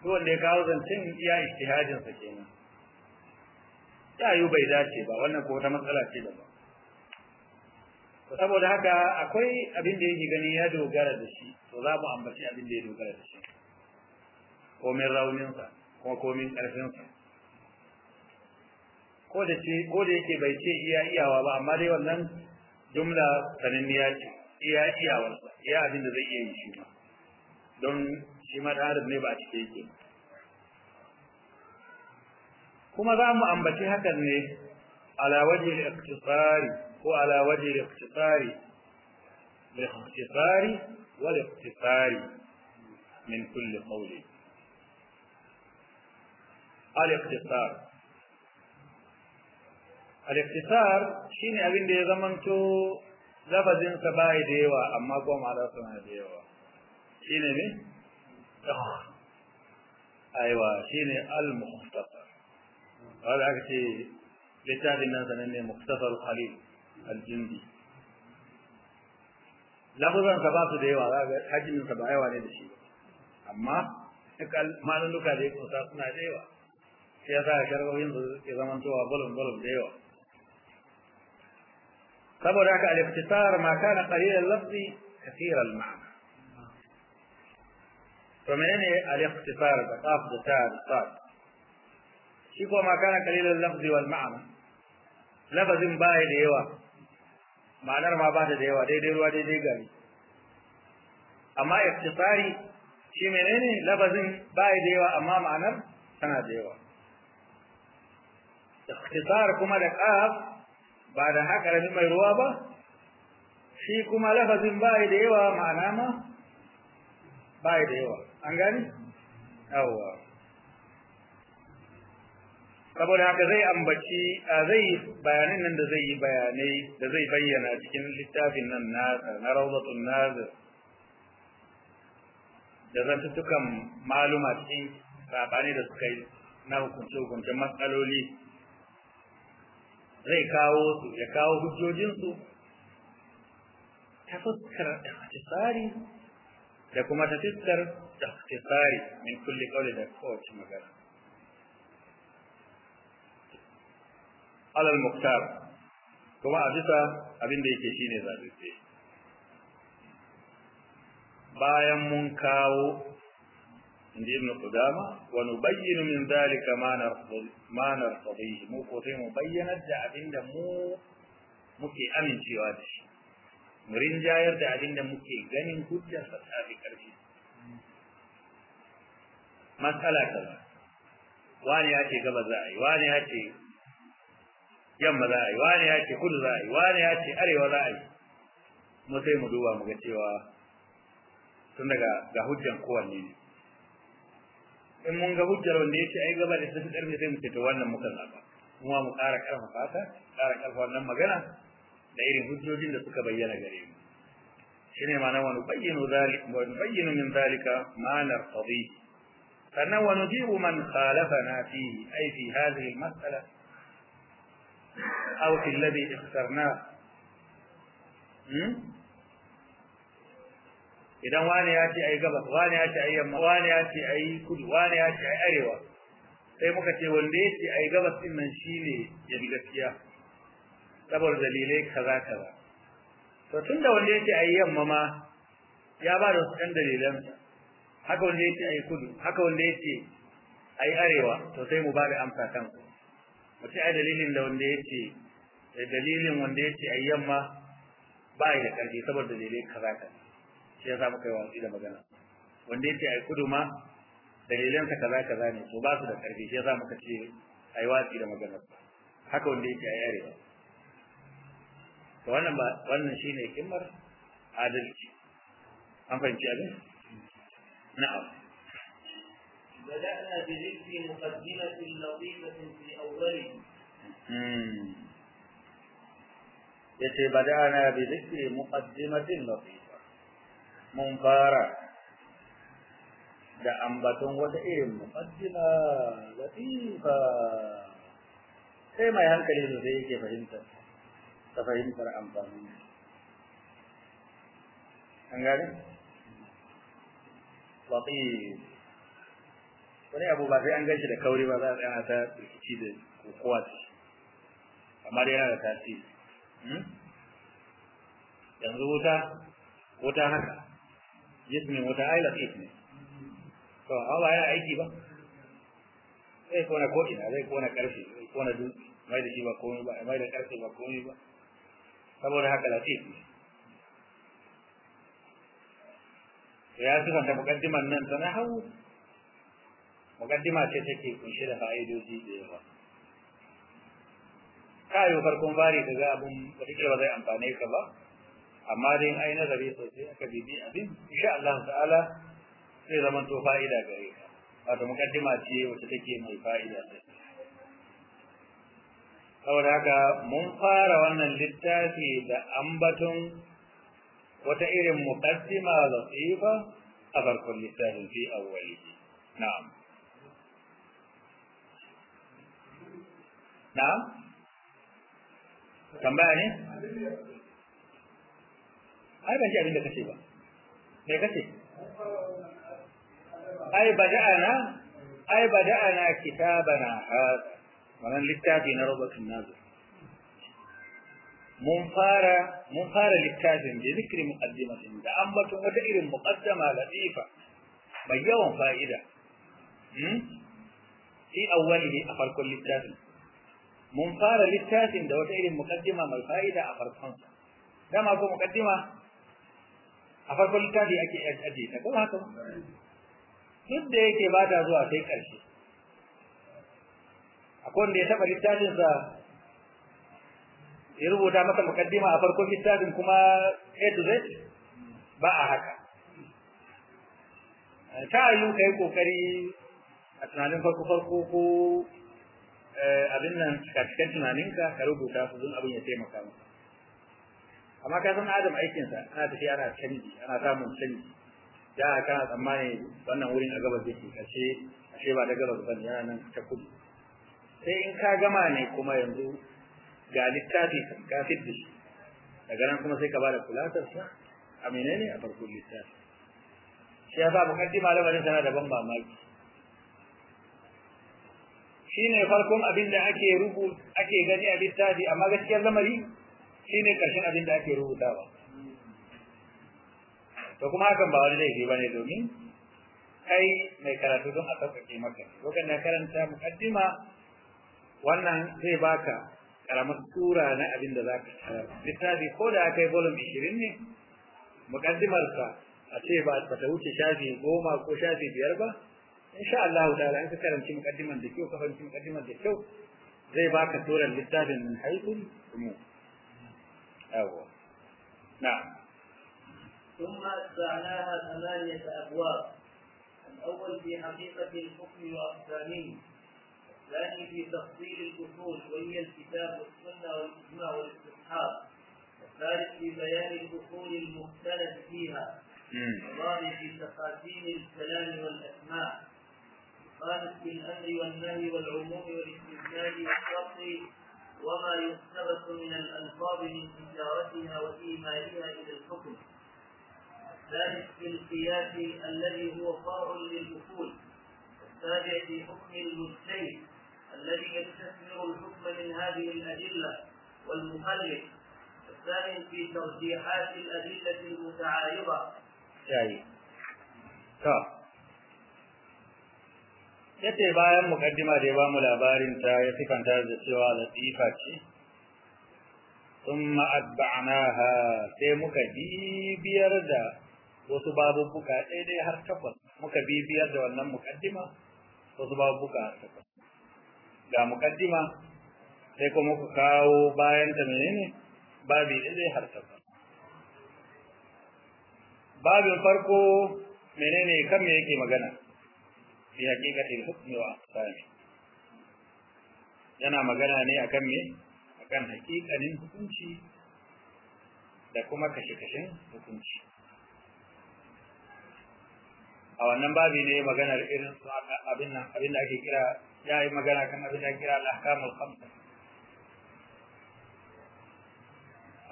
duk wanda ya kawo zancen iya ijtihadinsa kenan ya yi bai dace ba wannan ko wata matsala ce da ba saboda haka akwai abin da yake gani ya dogara da shi to za mu ambaci abin da ya dogara da shi komin rauninsa kuma komin ƙarfinsa ko da yake bai ce iya iyawa ba amma dai wannan jumla sananniya ce iya iyawarsa iya abin da zai iya yi shi ba don shi ma ɗarin ne ba a cike yake kuma za mu ambaci hakan ne ala waje iktisari ko ala waje iktisari iktisari wal iktisari min kulli qawli al-iqtisar al-iqtisar shine abin da ya zamanto labazin sa bai da yawa amma kuma ma'anar sa da yawa shine ne aiwa shine al-mukhtasar wanda aka ce littafin nan sanan ne mukhtasar khalil al-jindi lafazan sa ba su da yawa zaka hajjin sa ba yawa ne da shi amma ikal malan luka da yake suna da yawa shi ya sa shari'o'in su ya zamantowa bulun bulun da yawa saboda haka al-iftisar ma kana qalilan lafzi kathira al-ma'na to menene al-iftisar da qaf da ta da sad shi ko ma kana qalilan lafzi wal ma'na lafazin baya da yawa ma'anar ma ba da yawa daidai ruwa daidai gari amma iftisari shi menene lafazin baya da yawa amma ma'anar tana da yawa ikhtisar kuma da qaf ba da haka rabi mai ruwa ba shi kuma lafazin bai da yawa ma'ana ma bai da yawa an gani yawa saboda haka zai ambaci a zai bayanin nan da zai yi bayanai da zai bayyana cikin littafin nan na na rawdatun nazir da zan zantuttukan maluma cikin rabani da suka yi na hukunce-hukuncen matsaloli zai kawo su ya kawo hujjojinsu ta fuskar tsari da kuma ta fuskar tsari min kulli qawli da kowace magana alal muktar kuma a bisa abin da yake shine zabe bayan mun kawo inji ibn wani wa nubayyin min zalika ma narfadihi mu ko sai da abinda mu muke amincewa da shi mu da abinda muke ganin hujjar sa ta fi karfi matsala kaza wani gaba za a yi yamma za a yi wani ya ce kudu za a yi ya ce arewa za a duba mu ga cewa tun daga ga hujjan kowanne in mun ga hujjar wanda yace ai gaba da tafi karfi sai mu ce to wannan muka zaba kuma mu ƙara karfafa ta ƙara karfafa wannan magana da irin hujjojin da suka bayyana gare mu shine ma'ana wa nubayyinu zalika wa nubayyinu min zalika ma narqadi sannan wa nujibu man khalafana fihi ai fi hadhihi al-mas'ala aw fi alladhi ikhtarnahu idan wani ya ce ayi gabas wani ya ce ayi yamma wani ya ce ayi kudu wani ya ce ayi arewa sai muka ce wanda ya ce ayi gabas din nan shine ya bi gaskiya saboda dalilai kaza kaza to tunda wanda ya ce ayi yamma ma ya ba da wasu dalilan dalilansa haka wanda ya ce ayi kudu haka wanda ya ce ayi arewa to sai mu ba da amsa kansu mu ce ai dalilin da wanda ya ce eh, dalilin wanda ya ce ayi yamma ba da ƙarfi saboda dalilai kaza kaza sai ya samu kai wasu da magana wanda yake ai kudu ma dalilansa kaza kaza ne to ba su da karfi sai ya samu ka ce ai wasu da magana haka wanda yake ai arewa to wannan ba wannan shine kimmar adalci an fahimci abin na'am بدأنا بذكر مقدمة لطيفة في أوله hmm. yace bada'ana bi zikri muqaddimatin mun fara da ambaton wata irin mukaddima latifa sai mai hankali zai yake fahimta ta fahimtar amfani an gani? latif wani abu ba sai an ganshi da kauri ba za a tsaya ta rikici da kokowa ce amma dai yana da tasiri hmm? yanzu wuta wuta haka jismin wata aila ne to Allah ya aiki ba zai kona ko ina zai kona karfe zai kona dutse mai da shi ba komai ba mai da karfe ba komai ba saboda haka latif ya sifanta mukaddiman nan sana hau mukaddima ce take kunshe da fa'idoji da yawa kayo farkon bari ka ga abun wata ba zai amfane ka ba amma dai ai nazari sosai aka bibi abin insha Allah ta'ala sai zaman to fa'ida gare ka wato mukaddima ce wacce take mai fa'ida saboda haka mun fara wannan littafi da ambaton wata irin muqaddima tsifa a farkon littafin fi awwalihi na'am na'am tambaya ne ai ban ji abin da kace ba me kace ai bada'ana ai bada'ana kitabana hada wannan littafi na rubutun nazo mun fara mun fara littafin da zikri muqaddimatin da ambaton wata irin muqaddama latifa mai yawan fa'ida hmm fi awwalihi a farkon littafin mun fara littafin da wata irin muqaddima mai fa'ida a farkon dama ko muqaddima a farkon littafi ake ajiye ta ko haka duk da yake ba ta zuwa sai ƙarshe akwai wanda ya taɓa littafinsa ya rubuta masa mukaddima a farkon littafin kuma A to Z ba a haka ta yi kai ƙoƙari a tunanin farko farko ko eh, abin nan cikakken tunaninka ka rubuta su zun abin ya taimaka maka amma ka san adam aikinsa ana tafiya ana canji ana samun canji da kana tsammani wannan wurin a gabas yake ashe ashe ba da gabas bane yana nan ta kudu sai in ka gama ne kuma yanzu ga littafi ka fidda shi daga nan kuma sai ka bada kulatar sa a menene a farkon littafi shi ya sa bukati malamin sana da ban mamaki shine farkon abin da ake rubu ake gani a littafi amma gaskiyar lamari shi ne abin da ake rubutawa to kuma hakan ba wani laifi ba ne domin kai mai karatu don a sauƙaƙe maka lokacin da karanta mukaddima wannan zai baka karamar tura na abin da za ka tsayar littafi ko da aka yi bolon ishirin ne mukaddimarsa a ce ba ta wuce shafi goma ko shafi biyar ba insha Allah ta'ala in ka karanci mukaddimar da kyau ka fahimci mukaddimar da kyau zai baka turan littafin min haifin mu أول نعم ثم أتبعناها ثمانية أبواب الأول في حقيقة الحكم وأقسامه الثاني في تفصيل الأصول وهي الكتاب والسنة والإجماع والاستصحاب الثالث في بيان الأصول المختلف فيها الرابع في تقاسيم الكلام والأسماء الخامس في الأمر والنهي والعموم والاستثناء والشرط وما يقتبس من الألفاظ من تجارتها وإيمانها إلى الحكم الثالث في القياس الذي هو فرع للأصول السابع في حكم المجتهد الذي يستثمر الحكم من هذه الأدلة والمخلف الثامن في ترجيحات الأدلة المتعارضة. طيب. طيب. yace bayan mukaddima da ya ba mu labarin ta ya sifanta da cewa latifa ce kuma adba'naha sai muka bibiyar da wasu babubuka daidai har takwas muka bibiyar da wannan mukaddima wasu babubuka har takwas ga mukaddima sai kuma ku kawo bayan ta menene babi daidai har takwas babin farko menene kan me yake magana fi haqiqatil hukm wa aqsami yana magana ne akan me akan haqiqanin hukunci da kuma kashe-kashen hukunci a wannan babi ne maganar irin su abin nan abin da ake kira ya yi magana kan abin da ake kira al-ahkamul khamsa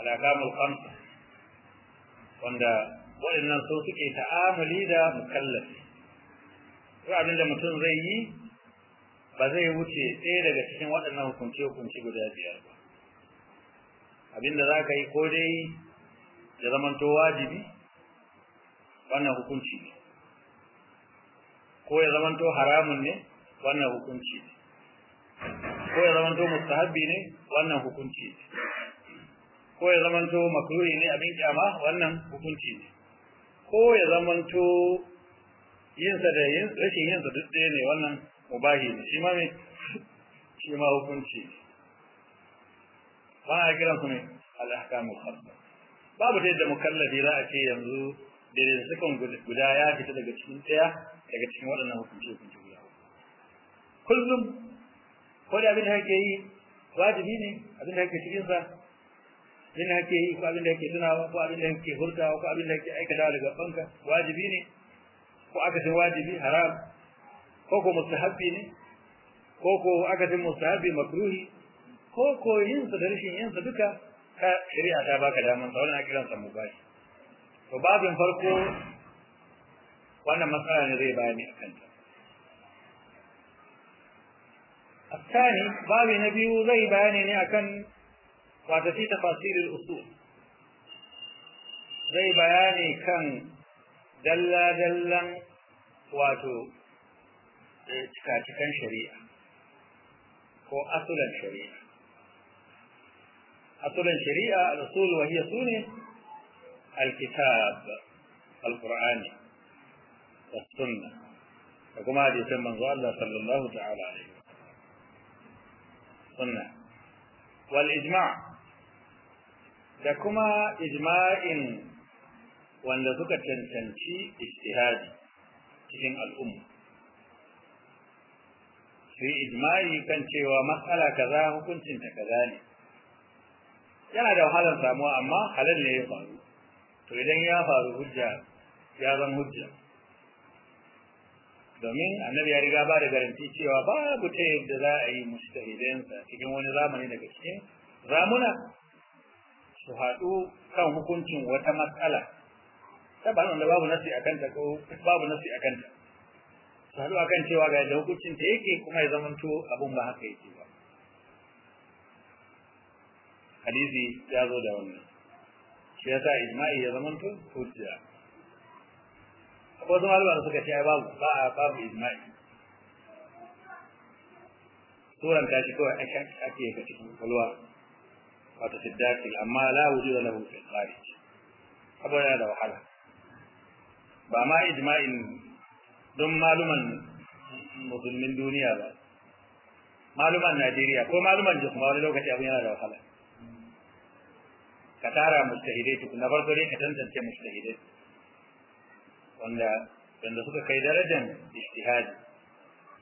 al-ahkamul khamsa wanda wa'annan su suke ta'amuli da mukallafi duk abin da mutum zai yi ba zai wuce ɗaya daga cikin waɗannan hukunce hukunci guda biyar ba abin da za ka yi ko dai ya zamanto wajibi wannan hukunci ne ko ya zamanto haramun ne wannan hukunci ne ko ya zamanto mustahabbi ne wannan hukunci ne ko ya zamanto makruhi ne abin kyama wannan hukunci ne ko ya zamanto yin sa da yin rashin yin sa duk ɗaya ne wannan mubahi ne shi ma ne shi ma hukunci ba a kiran su ne al-ahkamu babu da yadda mukallafi za a ce yanzu da sukan guda ya fita daga cikin tsaya daga cikin waɗannan hukunci hukunci guda kullum ko da abin da kake yi wajibi ne abin da kake cikin sa abin da kake yi ko abin da kake tunawa ko abin da kake hurtawa ko abin da kake aikatawa daga banka wajibi ne ko akasin wajibi haram ko ko mustahabbi ne ko ko akasin mustahabbi makruhi ko ko yin sa da rashin yin sa duka ka shari'a ta baka daman sa wannan kiran sa mubashi to babin farko wannan matsala ne zai bayani akan ta الثاني باب نبي زي بياني أكن وتفي تفاصيل الأصول zai bayani kan dalla-dallan wato cikacikan shari'a ko asulan shari'a asulan shari'a rasul wahiya su ne alkitab alkur'ani da sunna da kuma hadisin manzo Allah sallallahu ta'ala alaihi sunna wal ijma' da kuma ijma'in wanda suka cancanci istihadi cikin al'umma su ijma'i kan cewa matsala kaza ta kaza ne yana da wahalar samuwa amma halal ne ya faru to idan ya faru hujja ya zan hujja domin annabi ya riga ba da garanti cewa babu ta yadda za a yi mustahidansa cikin wani zamani daga cikin ramuna. su haɗu kan hukuncin wata matsala tabbana da babu nasi akan ta ko babu nasi akan ta sadu akan cewa ga da hukuncin ta yake kuma ya zamanto abun ba haka yake ba hadisi ya zo da wannan shi yasa ijma'i ya zamanto hujja akwai wasu malama da suka ce babu ba a babu ijma'i suran ta shi kawai ake ga cikin kalwa wato siddaqil amma la wujuda lahu al kharij abana da wahala ba ma ijma'in don maluman musulmin duniya ba maluman Najeriya ko maluman Jos ma wani lokaci abin yana da wahala ka tara mustahidai tukun na farko dai ka tantance mustahidai wanda wanda suka kai darajar ijtihadi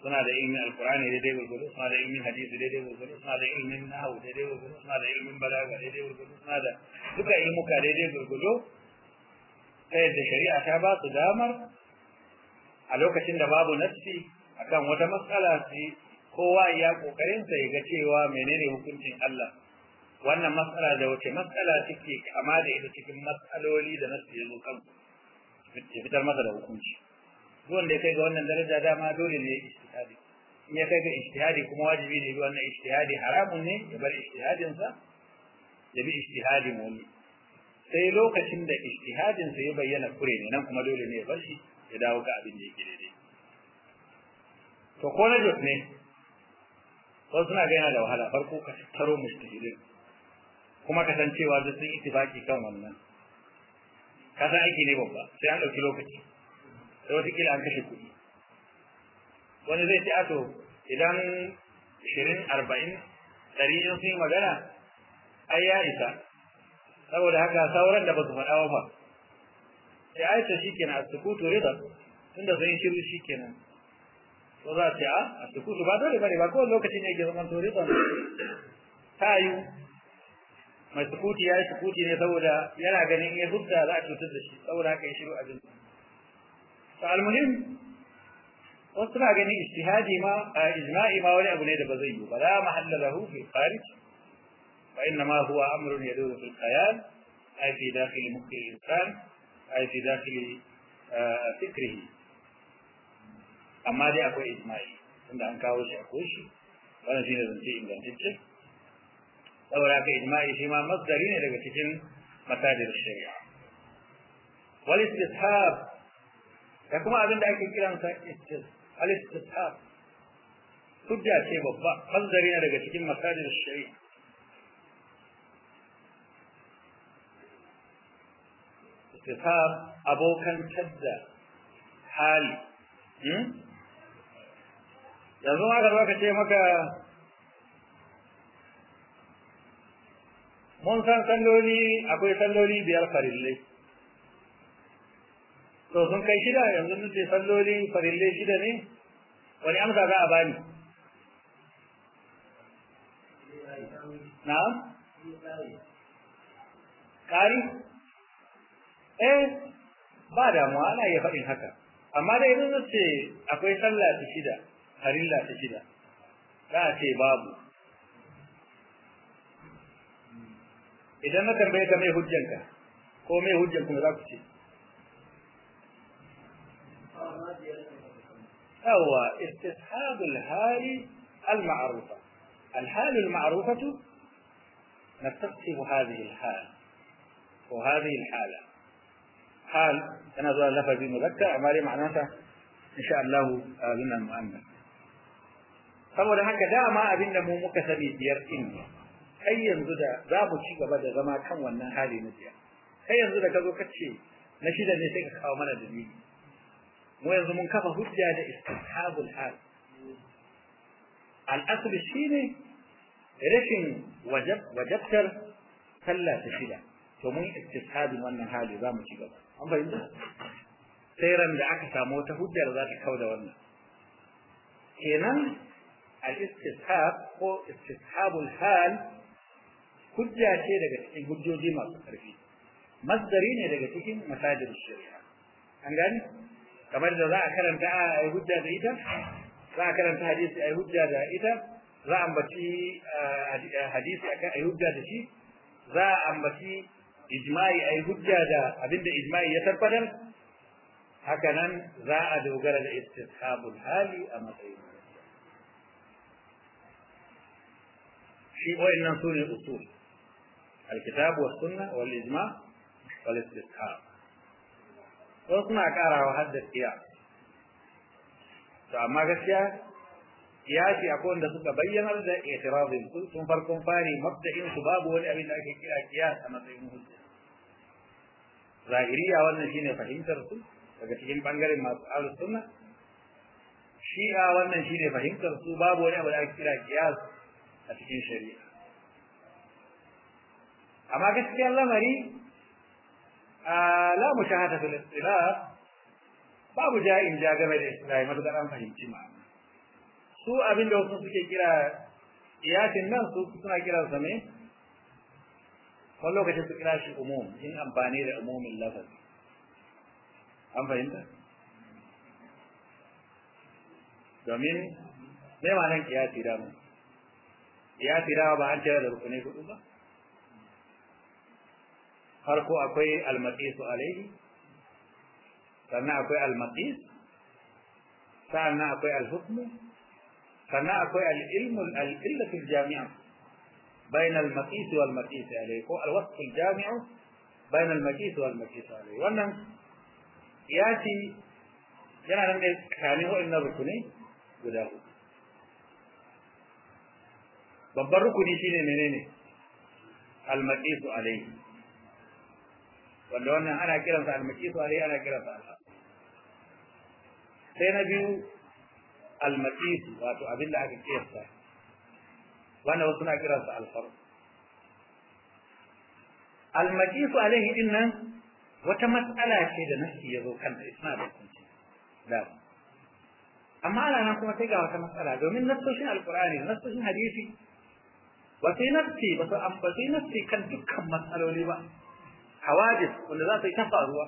suna da ilmin alqur'ani daidai gurgudu suna da ilmin hadisi daidai gurgudu suna da ilmin nahwu daidai gurgudu suna da ilmin balaga daidai gurgudu suna da duka ilmuka daidai gurgudu ta da shari'a ta ba su damar a lokacin da babu nassi akan wata matsala sai kowa ya kokarin sa ya cewa menene hukuncin Allah wannan matsala da wace matsala take kama da ita cikin matsaloli da nassi ya zo kan fitar masa da hukunci duwan da kai ga wannan daraja dama dole ne istihadi in ya kai ga istihadi kuma wajibi ne bi wannan istihadi haramun ne ya bar istihadin sa ya bi istihadi mu'min sai lokacin da ijtihadin sa ya bayyana kure ne nan kuma dole ne ya bar shi ya dawo ga abin da yake daidai to ko na jot ne wasu suna ga yana da wahala farko ka taro mujtahidin kuma ka san cewa da sun ittifaki kan wannan ka san aiki ne babba sai an dauki lokaci sai wata kila an kashe kuɗi wani zai ce ato idan shirin arba'in ɗari in sun yi magana ai ya isa saboda haka sauran da basu fada ba sai aisha shikenan a sukutu rida tunda sun shiru shikenan to za ta a sukutu ba dole bane ba ko lokacin ne ke zaman to rida ta mai sukuti ya sukuti ne saboda yana ganin ya hudda za a cutar da shi saboda haka ya shiru abin to almuhim wasu na ganin ijtihadi ma ijma'i ma wani abu ne da ba zai yi ba la mahalla lahu fi kharij وإنما هو أمر يدور في الخيال أي في داخل مخ الإنسان أي في داخل آه، فكره أما دي أكو إجماعي عند أن كاوي شاكوشي وأنا زين زنتي إن زنتي أو راك إجماعي فيما مصدرين إلى بتجن مصادر الشريعة والاستصحاب يكما أبن دائك كلام الاستصحاب كجا شيء بابا مصدرين إلى بتجن مصادر الشريعة ittisab abokan tadda hali yanzu haka za ka ce maka mun san salloli akwai salloli biyar farillai to sun kai shida yanzu sun ce salloli farillai shida ne wani amsa za a bani na? ƙari? eh ba damuwa ana iya faɗin haka amma da yanzu ce akwai sallah ta shida harilla ta shida za a ce babu idan na tambaye ka mai hujjanka ko mai hujjan kuma za ku ce هو استصحاب الهال المعروفة الهال المعروفة نستصحب هذه الحال وهذه الحالة قال أنا ذو اللفة في مذكر أمالي معناته إن شاء الله آذنا آه، المؤمن فمولا هكا داما أبنى مومك سبيل ديار إنيا أي ينزد دابو شيك بدا زما كم ونن حالي نديا أي ينزد كذو كتشي نشيد نسيك أو من الدنيا مو ينزد من كفا هدى استحاب الحال الأصل الشيني رشن وجب وجبتر فلا تشيده to mun istishadin wannan hali za mu ci gaba an fahimta sai ran da aka samu wata hujjar za ta kauda wannan kenan al-istishab ko istishabul hal hujja ce daga cikin hujjoji masu ƙarfi masdari ne daga cikin masajir shari'a an gani kamar da za a karanta a hujja da ita za a karanta hadisi a hujja da ita za a ambaci hadisi a hujja da shi za a ambaci ijma'i ai hujja da abinda ijma'i ya tabbatar nan za a dogara da istihabul hali a matsayin shi wayannan su ne usul الكتاب والسنة والإجماع والاستسهاب وصنع كارا وحد السياق فأما قسيا ya ce akwai wanda suka bayyanar da itirazin sun farkon fari mabda'in su babu wani abin da ake kira kiyas a matsayin hujja zahiriya wannan shine fahimtar su daga cikin bangaren masu al sunna shi'a wannan shine fahimtar su babu wani abu da ake kira kiyas a cikin shari'a amma gaskiyar lamari la mushahada fil istilaf babu ja'in ja game da islahi matukar an fahimci ma su abin da wasu suke kira kiyasin nan su suna kira sa ne wani lokacin su kira shi umum in amfani da umumin lafaz an fahimta domin me ma nan kiyasi da mu kiyasi da ba an tare da rukunai hudu ba farko akwai almatisu alaihi sannan akwai almatis sannan akwai alhukmu sannan akwai al-ilmul al-illatul jami'a bain al-maqis wal maqis alayhi ko al-wasful jami'u bain al-maqis wal maqis alayhi wannan yaci yana nan ne tsakanin wa'annan rukunai guda uku babban rukuni shine menene al-maqisu alayhi wanda wannan ana kiransa al-maqisu alayhi ana kiransa al sai na biyu المسيح واتو أبلا كثير صح وأنا وصلنا كرا صح الفرق المسيح عليه إن وتمت على شيء نفسي يبو كان اسمه بس لا أما على أنا كم تيجا وتمت على ده من نفسه شيء القرآن نفسه شيء حديثي وفي نفسي بس أم في نفسي كان تكمل مسألة لي بقى حوادث ولا ذاتي كفاروا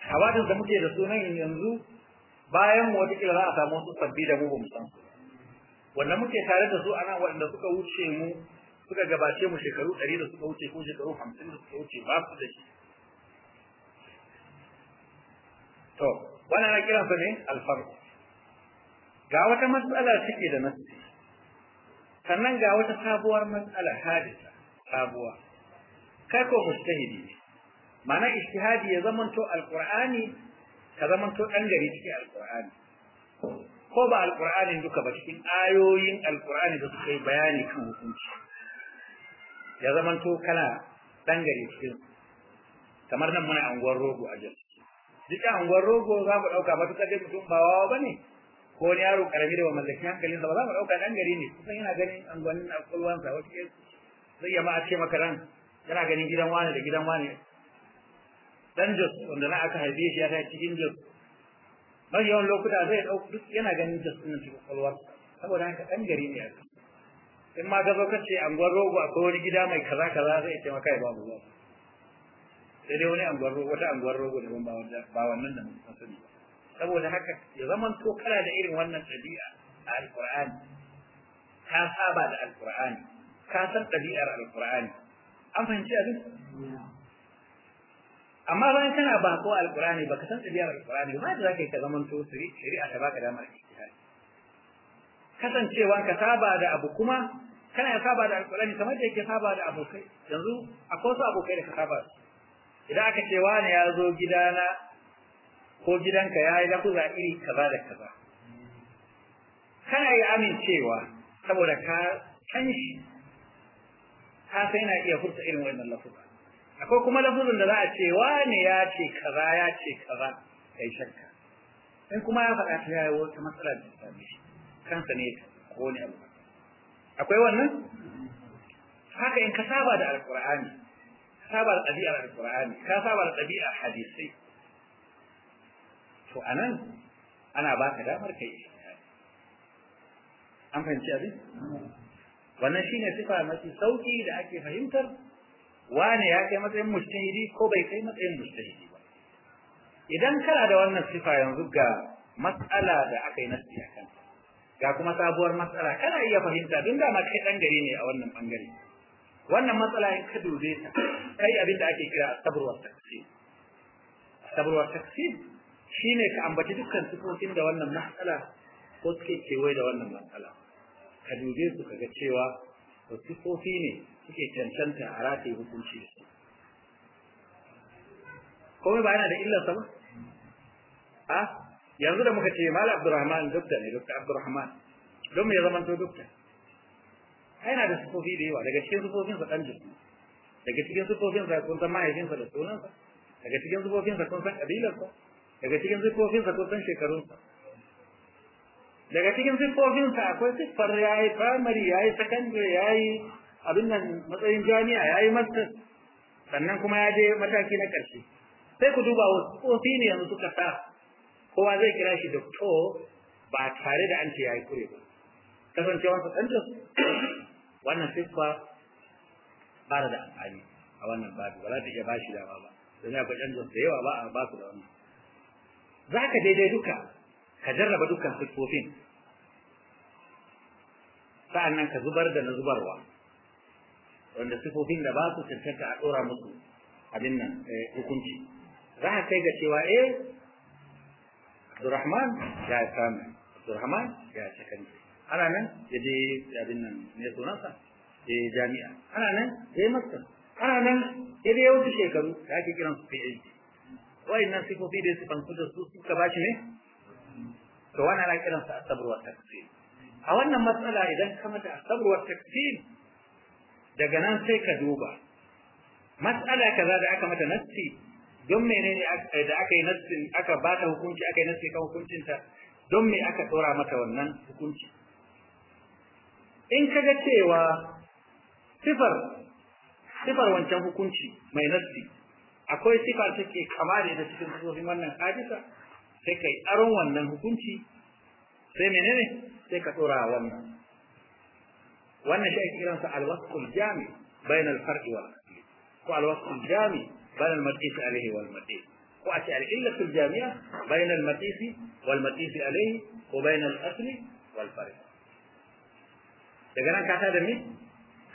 حوادث ده مكير رسولين ينزو bayan mu wata kila za a samu wasu sabbi da mu ba mu san wanda muke tare da su a nan waɗanda suka wuce mu suka gabace mu shekaru ɗari da suka wuce ko shekaru hamsin da suka wuce ba su da shi to wannan na kiran sa ne alfarko ga wata matsala take da nasi sannan ga wata sabuwar matsala hadisa sabuwa kai ko mustahidi mana ijtihadi ya zamanto alqur'ani ka zama to dan gari cikin alqur'ani ko ba alqur'anin duka ba cikin ayoyin alqur'ani da suka yi bayani kan hukunci ya zama to kana dan gari cikin kamar nan muna anguwar rogo a jos duk anguwar rogo za mu dauka ba duka dai mutum ba wawa ne? ko wani yaro karami da ba mallaki hankalin sa ba za mu dauka dan gari ne kusan yana ganin anguwannin alƙulwansa wata sai ya ma a ce maka ran yana ganin gidan wani da gidan wani dan jos wanda na aka haife shi ya kai cikin jos mafi yawan lokuta zai dauki duk yana ganin jos din cikin kwalwar saboda haka ɗan gari ne yake. in ma ka zo ka ce anguwar rogo akwai wani gida mai kaza kaza zai ce maka ya ba mu sai dai wani anguwar rogo wata anguwar rogo ne ban ba wannan da mun sani saboda haka ya zaman to kala da irin wannan ɗabi'a a alƙur'ani ka saba da alƙur'ani ka san ɗabi'ar alƙur'ani an fahimci abin amma bayan kana ba ko alqur'ani baka san tsibiyar alqur'ani ma da zaka yi ka zaman to shari'a ta baka dama ijtihadi kasancewa ka saba da abu kuma kana ya saba da alqur'ani kamar da yake saba da abokai yanzu akwai wasu abokai da ka saba idan aka ce wani ya zo gidana ko gidanka ya yi lafuza iri kaza da kaza kana yi amincewa saboda ka san shi ka sai na iya furta irin wannan lafuza akwai kuma lafuzin da za a ce wane ya ce kaza ya ce kaza kai shakka in kuma ya faɗa ta yayi wata matsala da ta shi kansa ne ko ne abu akwai wannan haka in ka saba da alqur'ani ka saba da ɗabi'ar alqur'ani ka saba da ɗabi'ar hadisai to anan ana baka damar kai an fahimci abin wannan shine sifa mafi sauki da ake fahimtar wane ya kai matsayin mujtahidi ko bai kai matsayin mujtahidi ba idan kana da wannan sifa yanzu ga matsala da aka yi nasi kan ga kuma sabuwar matsala kana iya fahimta don dama kai dan gari ne a wannan bangare wannan matsala in ka dube ta kai abin da ake kira wa sabrwar taksir wa taksir shine ka ambaci dukkan sifofin da wannan matsala ko suke kewaye da wannan matsala ka dube su ka ga cewa to sifofi ne suke cancanta a rataye hukunci da su komai ba yana da illar sama a yanzu da muka ce mal abdurrahman dokta ne dokta abdurrahman don mu ya zama to dokta yana da sifofi da yawa daga cikin sifofin sa dan jiki daga cikin sifofin sa kun san mahaifinsa da sunansa daga cikin sifofin sa kun san kabilarsa daga cikin sifofin sa kun san shekarunsa daga cikin siffofinsa akwai siffar ya yi primary ya yi secondary ya yi abin nan matsayin jami'a ya yi master sannan kuma ya je mataki na ƙarshe sai ku duba wasu ne yanzu suka sa kowa zai kira shi doctor ba tare da an ce ya yi kure ba kasancewarsa ɗantas wannan siffa ba da amfani a wannan babu ba za ta iya ba shi dama ba don akwai ɗantas da yawa ba a ba su da wannan za ka daidai duka ka jarraba dukkan siffofin sa'annan ka zubar da na zubarwa wanda sifofin da ba su cancanta a ɗora musu abin nan eh, hukunci za a kai ga cewa eh Abdurrahman ya samu Abdurrahman ya ce ana nan ya je abin nan ne sunansa ya yi jami'a ana nan ya yi masta ana nan ya je yawanci shekaru da ake kiran su PhD nan sifofi da su fansu da su suka ba shi ne to wani ana kiransa sabarwa ta tafsir a wannan matsala idan ka mata sabuwar takfir daga nan sai ka duba matsala kaza da aka mata nassi don menene eh, da aka yi nassi aka ba ta hukunci aka yi nassi kan hukuncinta don me aka tsora mata wannan hukunci in ka ga cewa sifar sifar wancan hukunci mai nassi akwai sifar take kama da ita cikin sifofin wannan hadisa sai kai aron wannan hukunci sai menene sai ka tsora wannan wannan shi ake kiransa alwasqul jami bain al-far'i wal asli ko alwasqul jami bain al-maqis alayhi wal maqis ko a ce al-illatul jami'a bain al-maqis wal maqis alayhi ko bain al-asli wal far'i daga nan ka tada me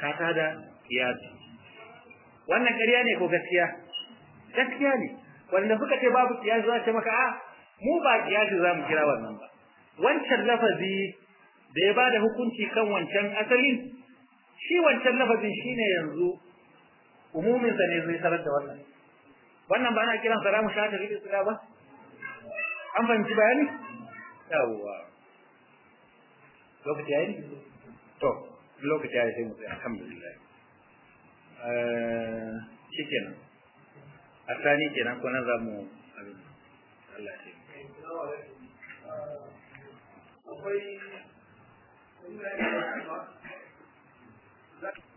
ka tada kiyasi wannan ƙarya ne ko gaskiya gaskiya ne wanda suka ce babu kiyasi za ce maka a mu ba kiyasi za mu kira wannan ba wancan lafazi da ya bada hukunci kan wancan asalin shi wancan lafazin shine yanzu umumin sa ne zai tarar da wannan wannan ba na kiran salamu shahada fil islam ba an fahimci bayani yawa lokaci ayi to lokaci ayi sai mu tsaya alhamdulillah eh a asani kenan ko nan zamu abin Allah ya eh, akwai Thank you.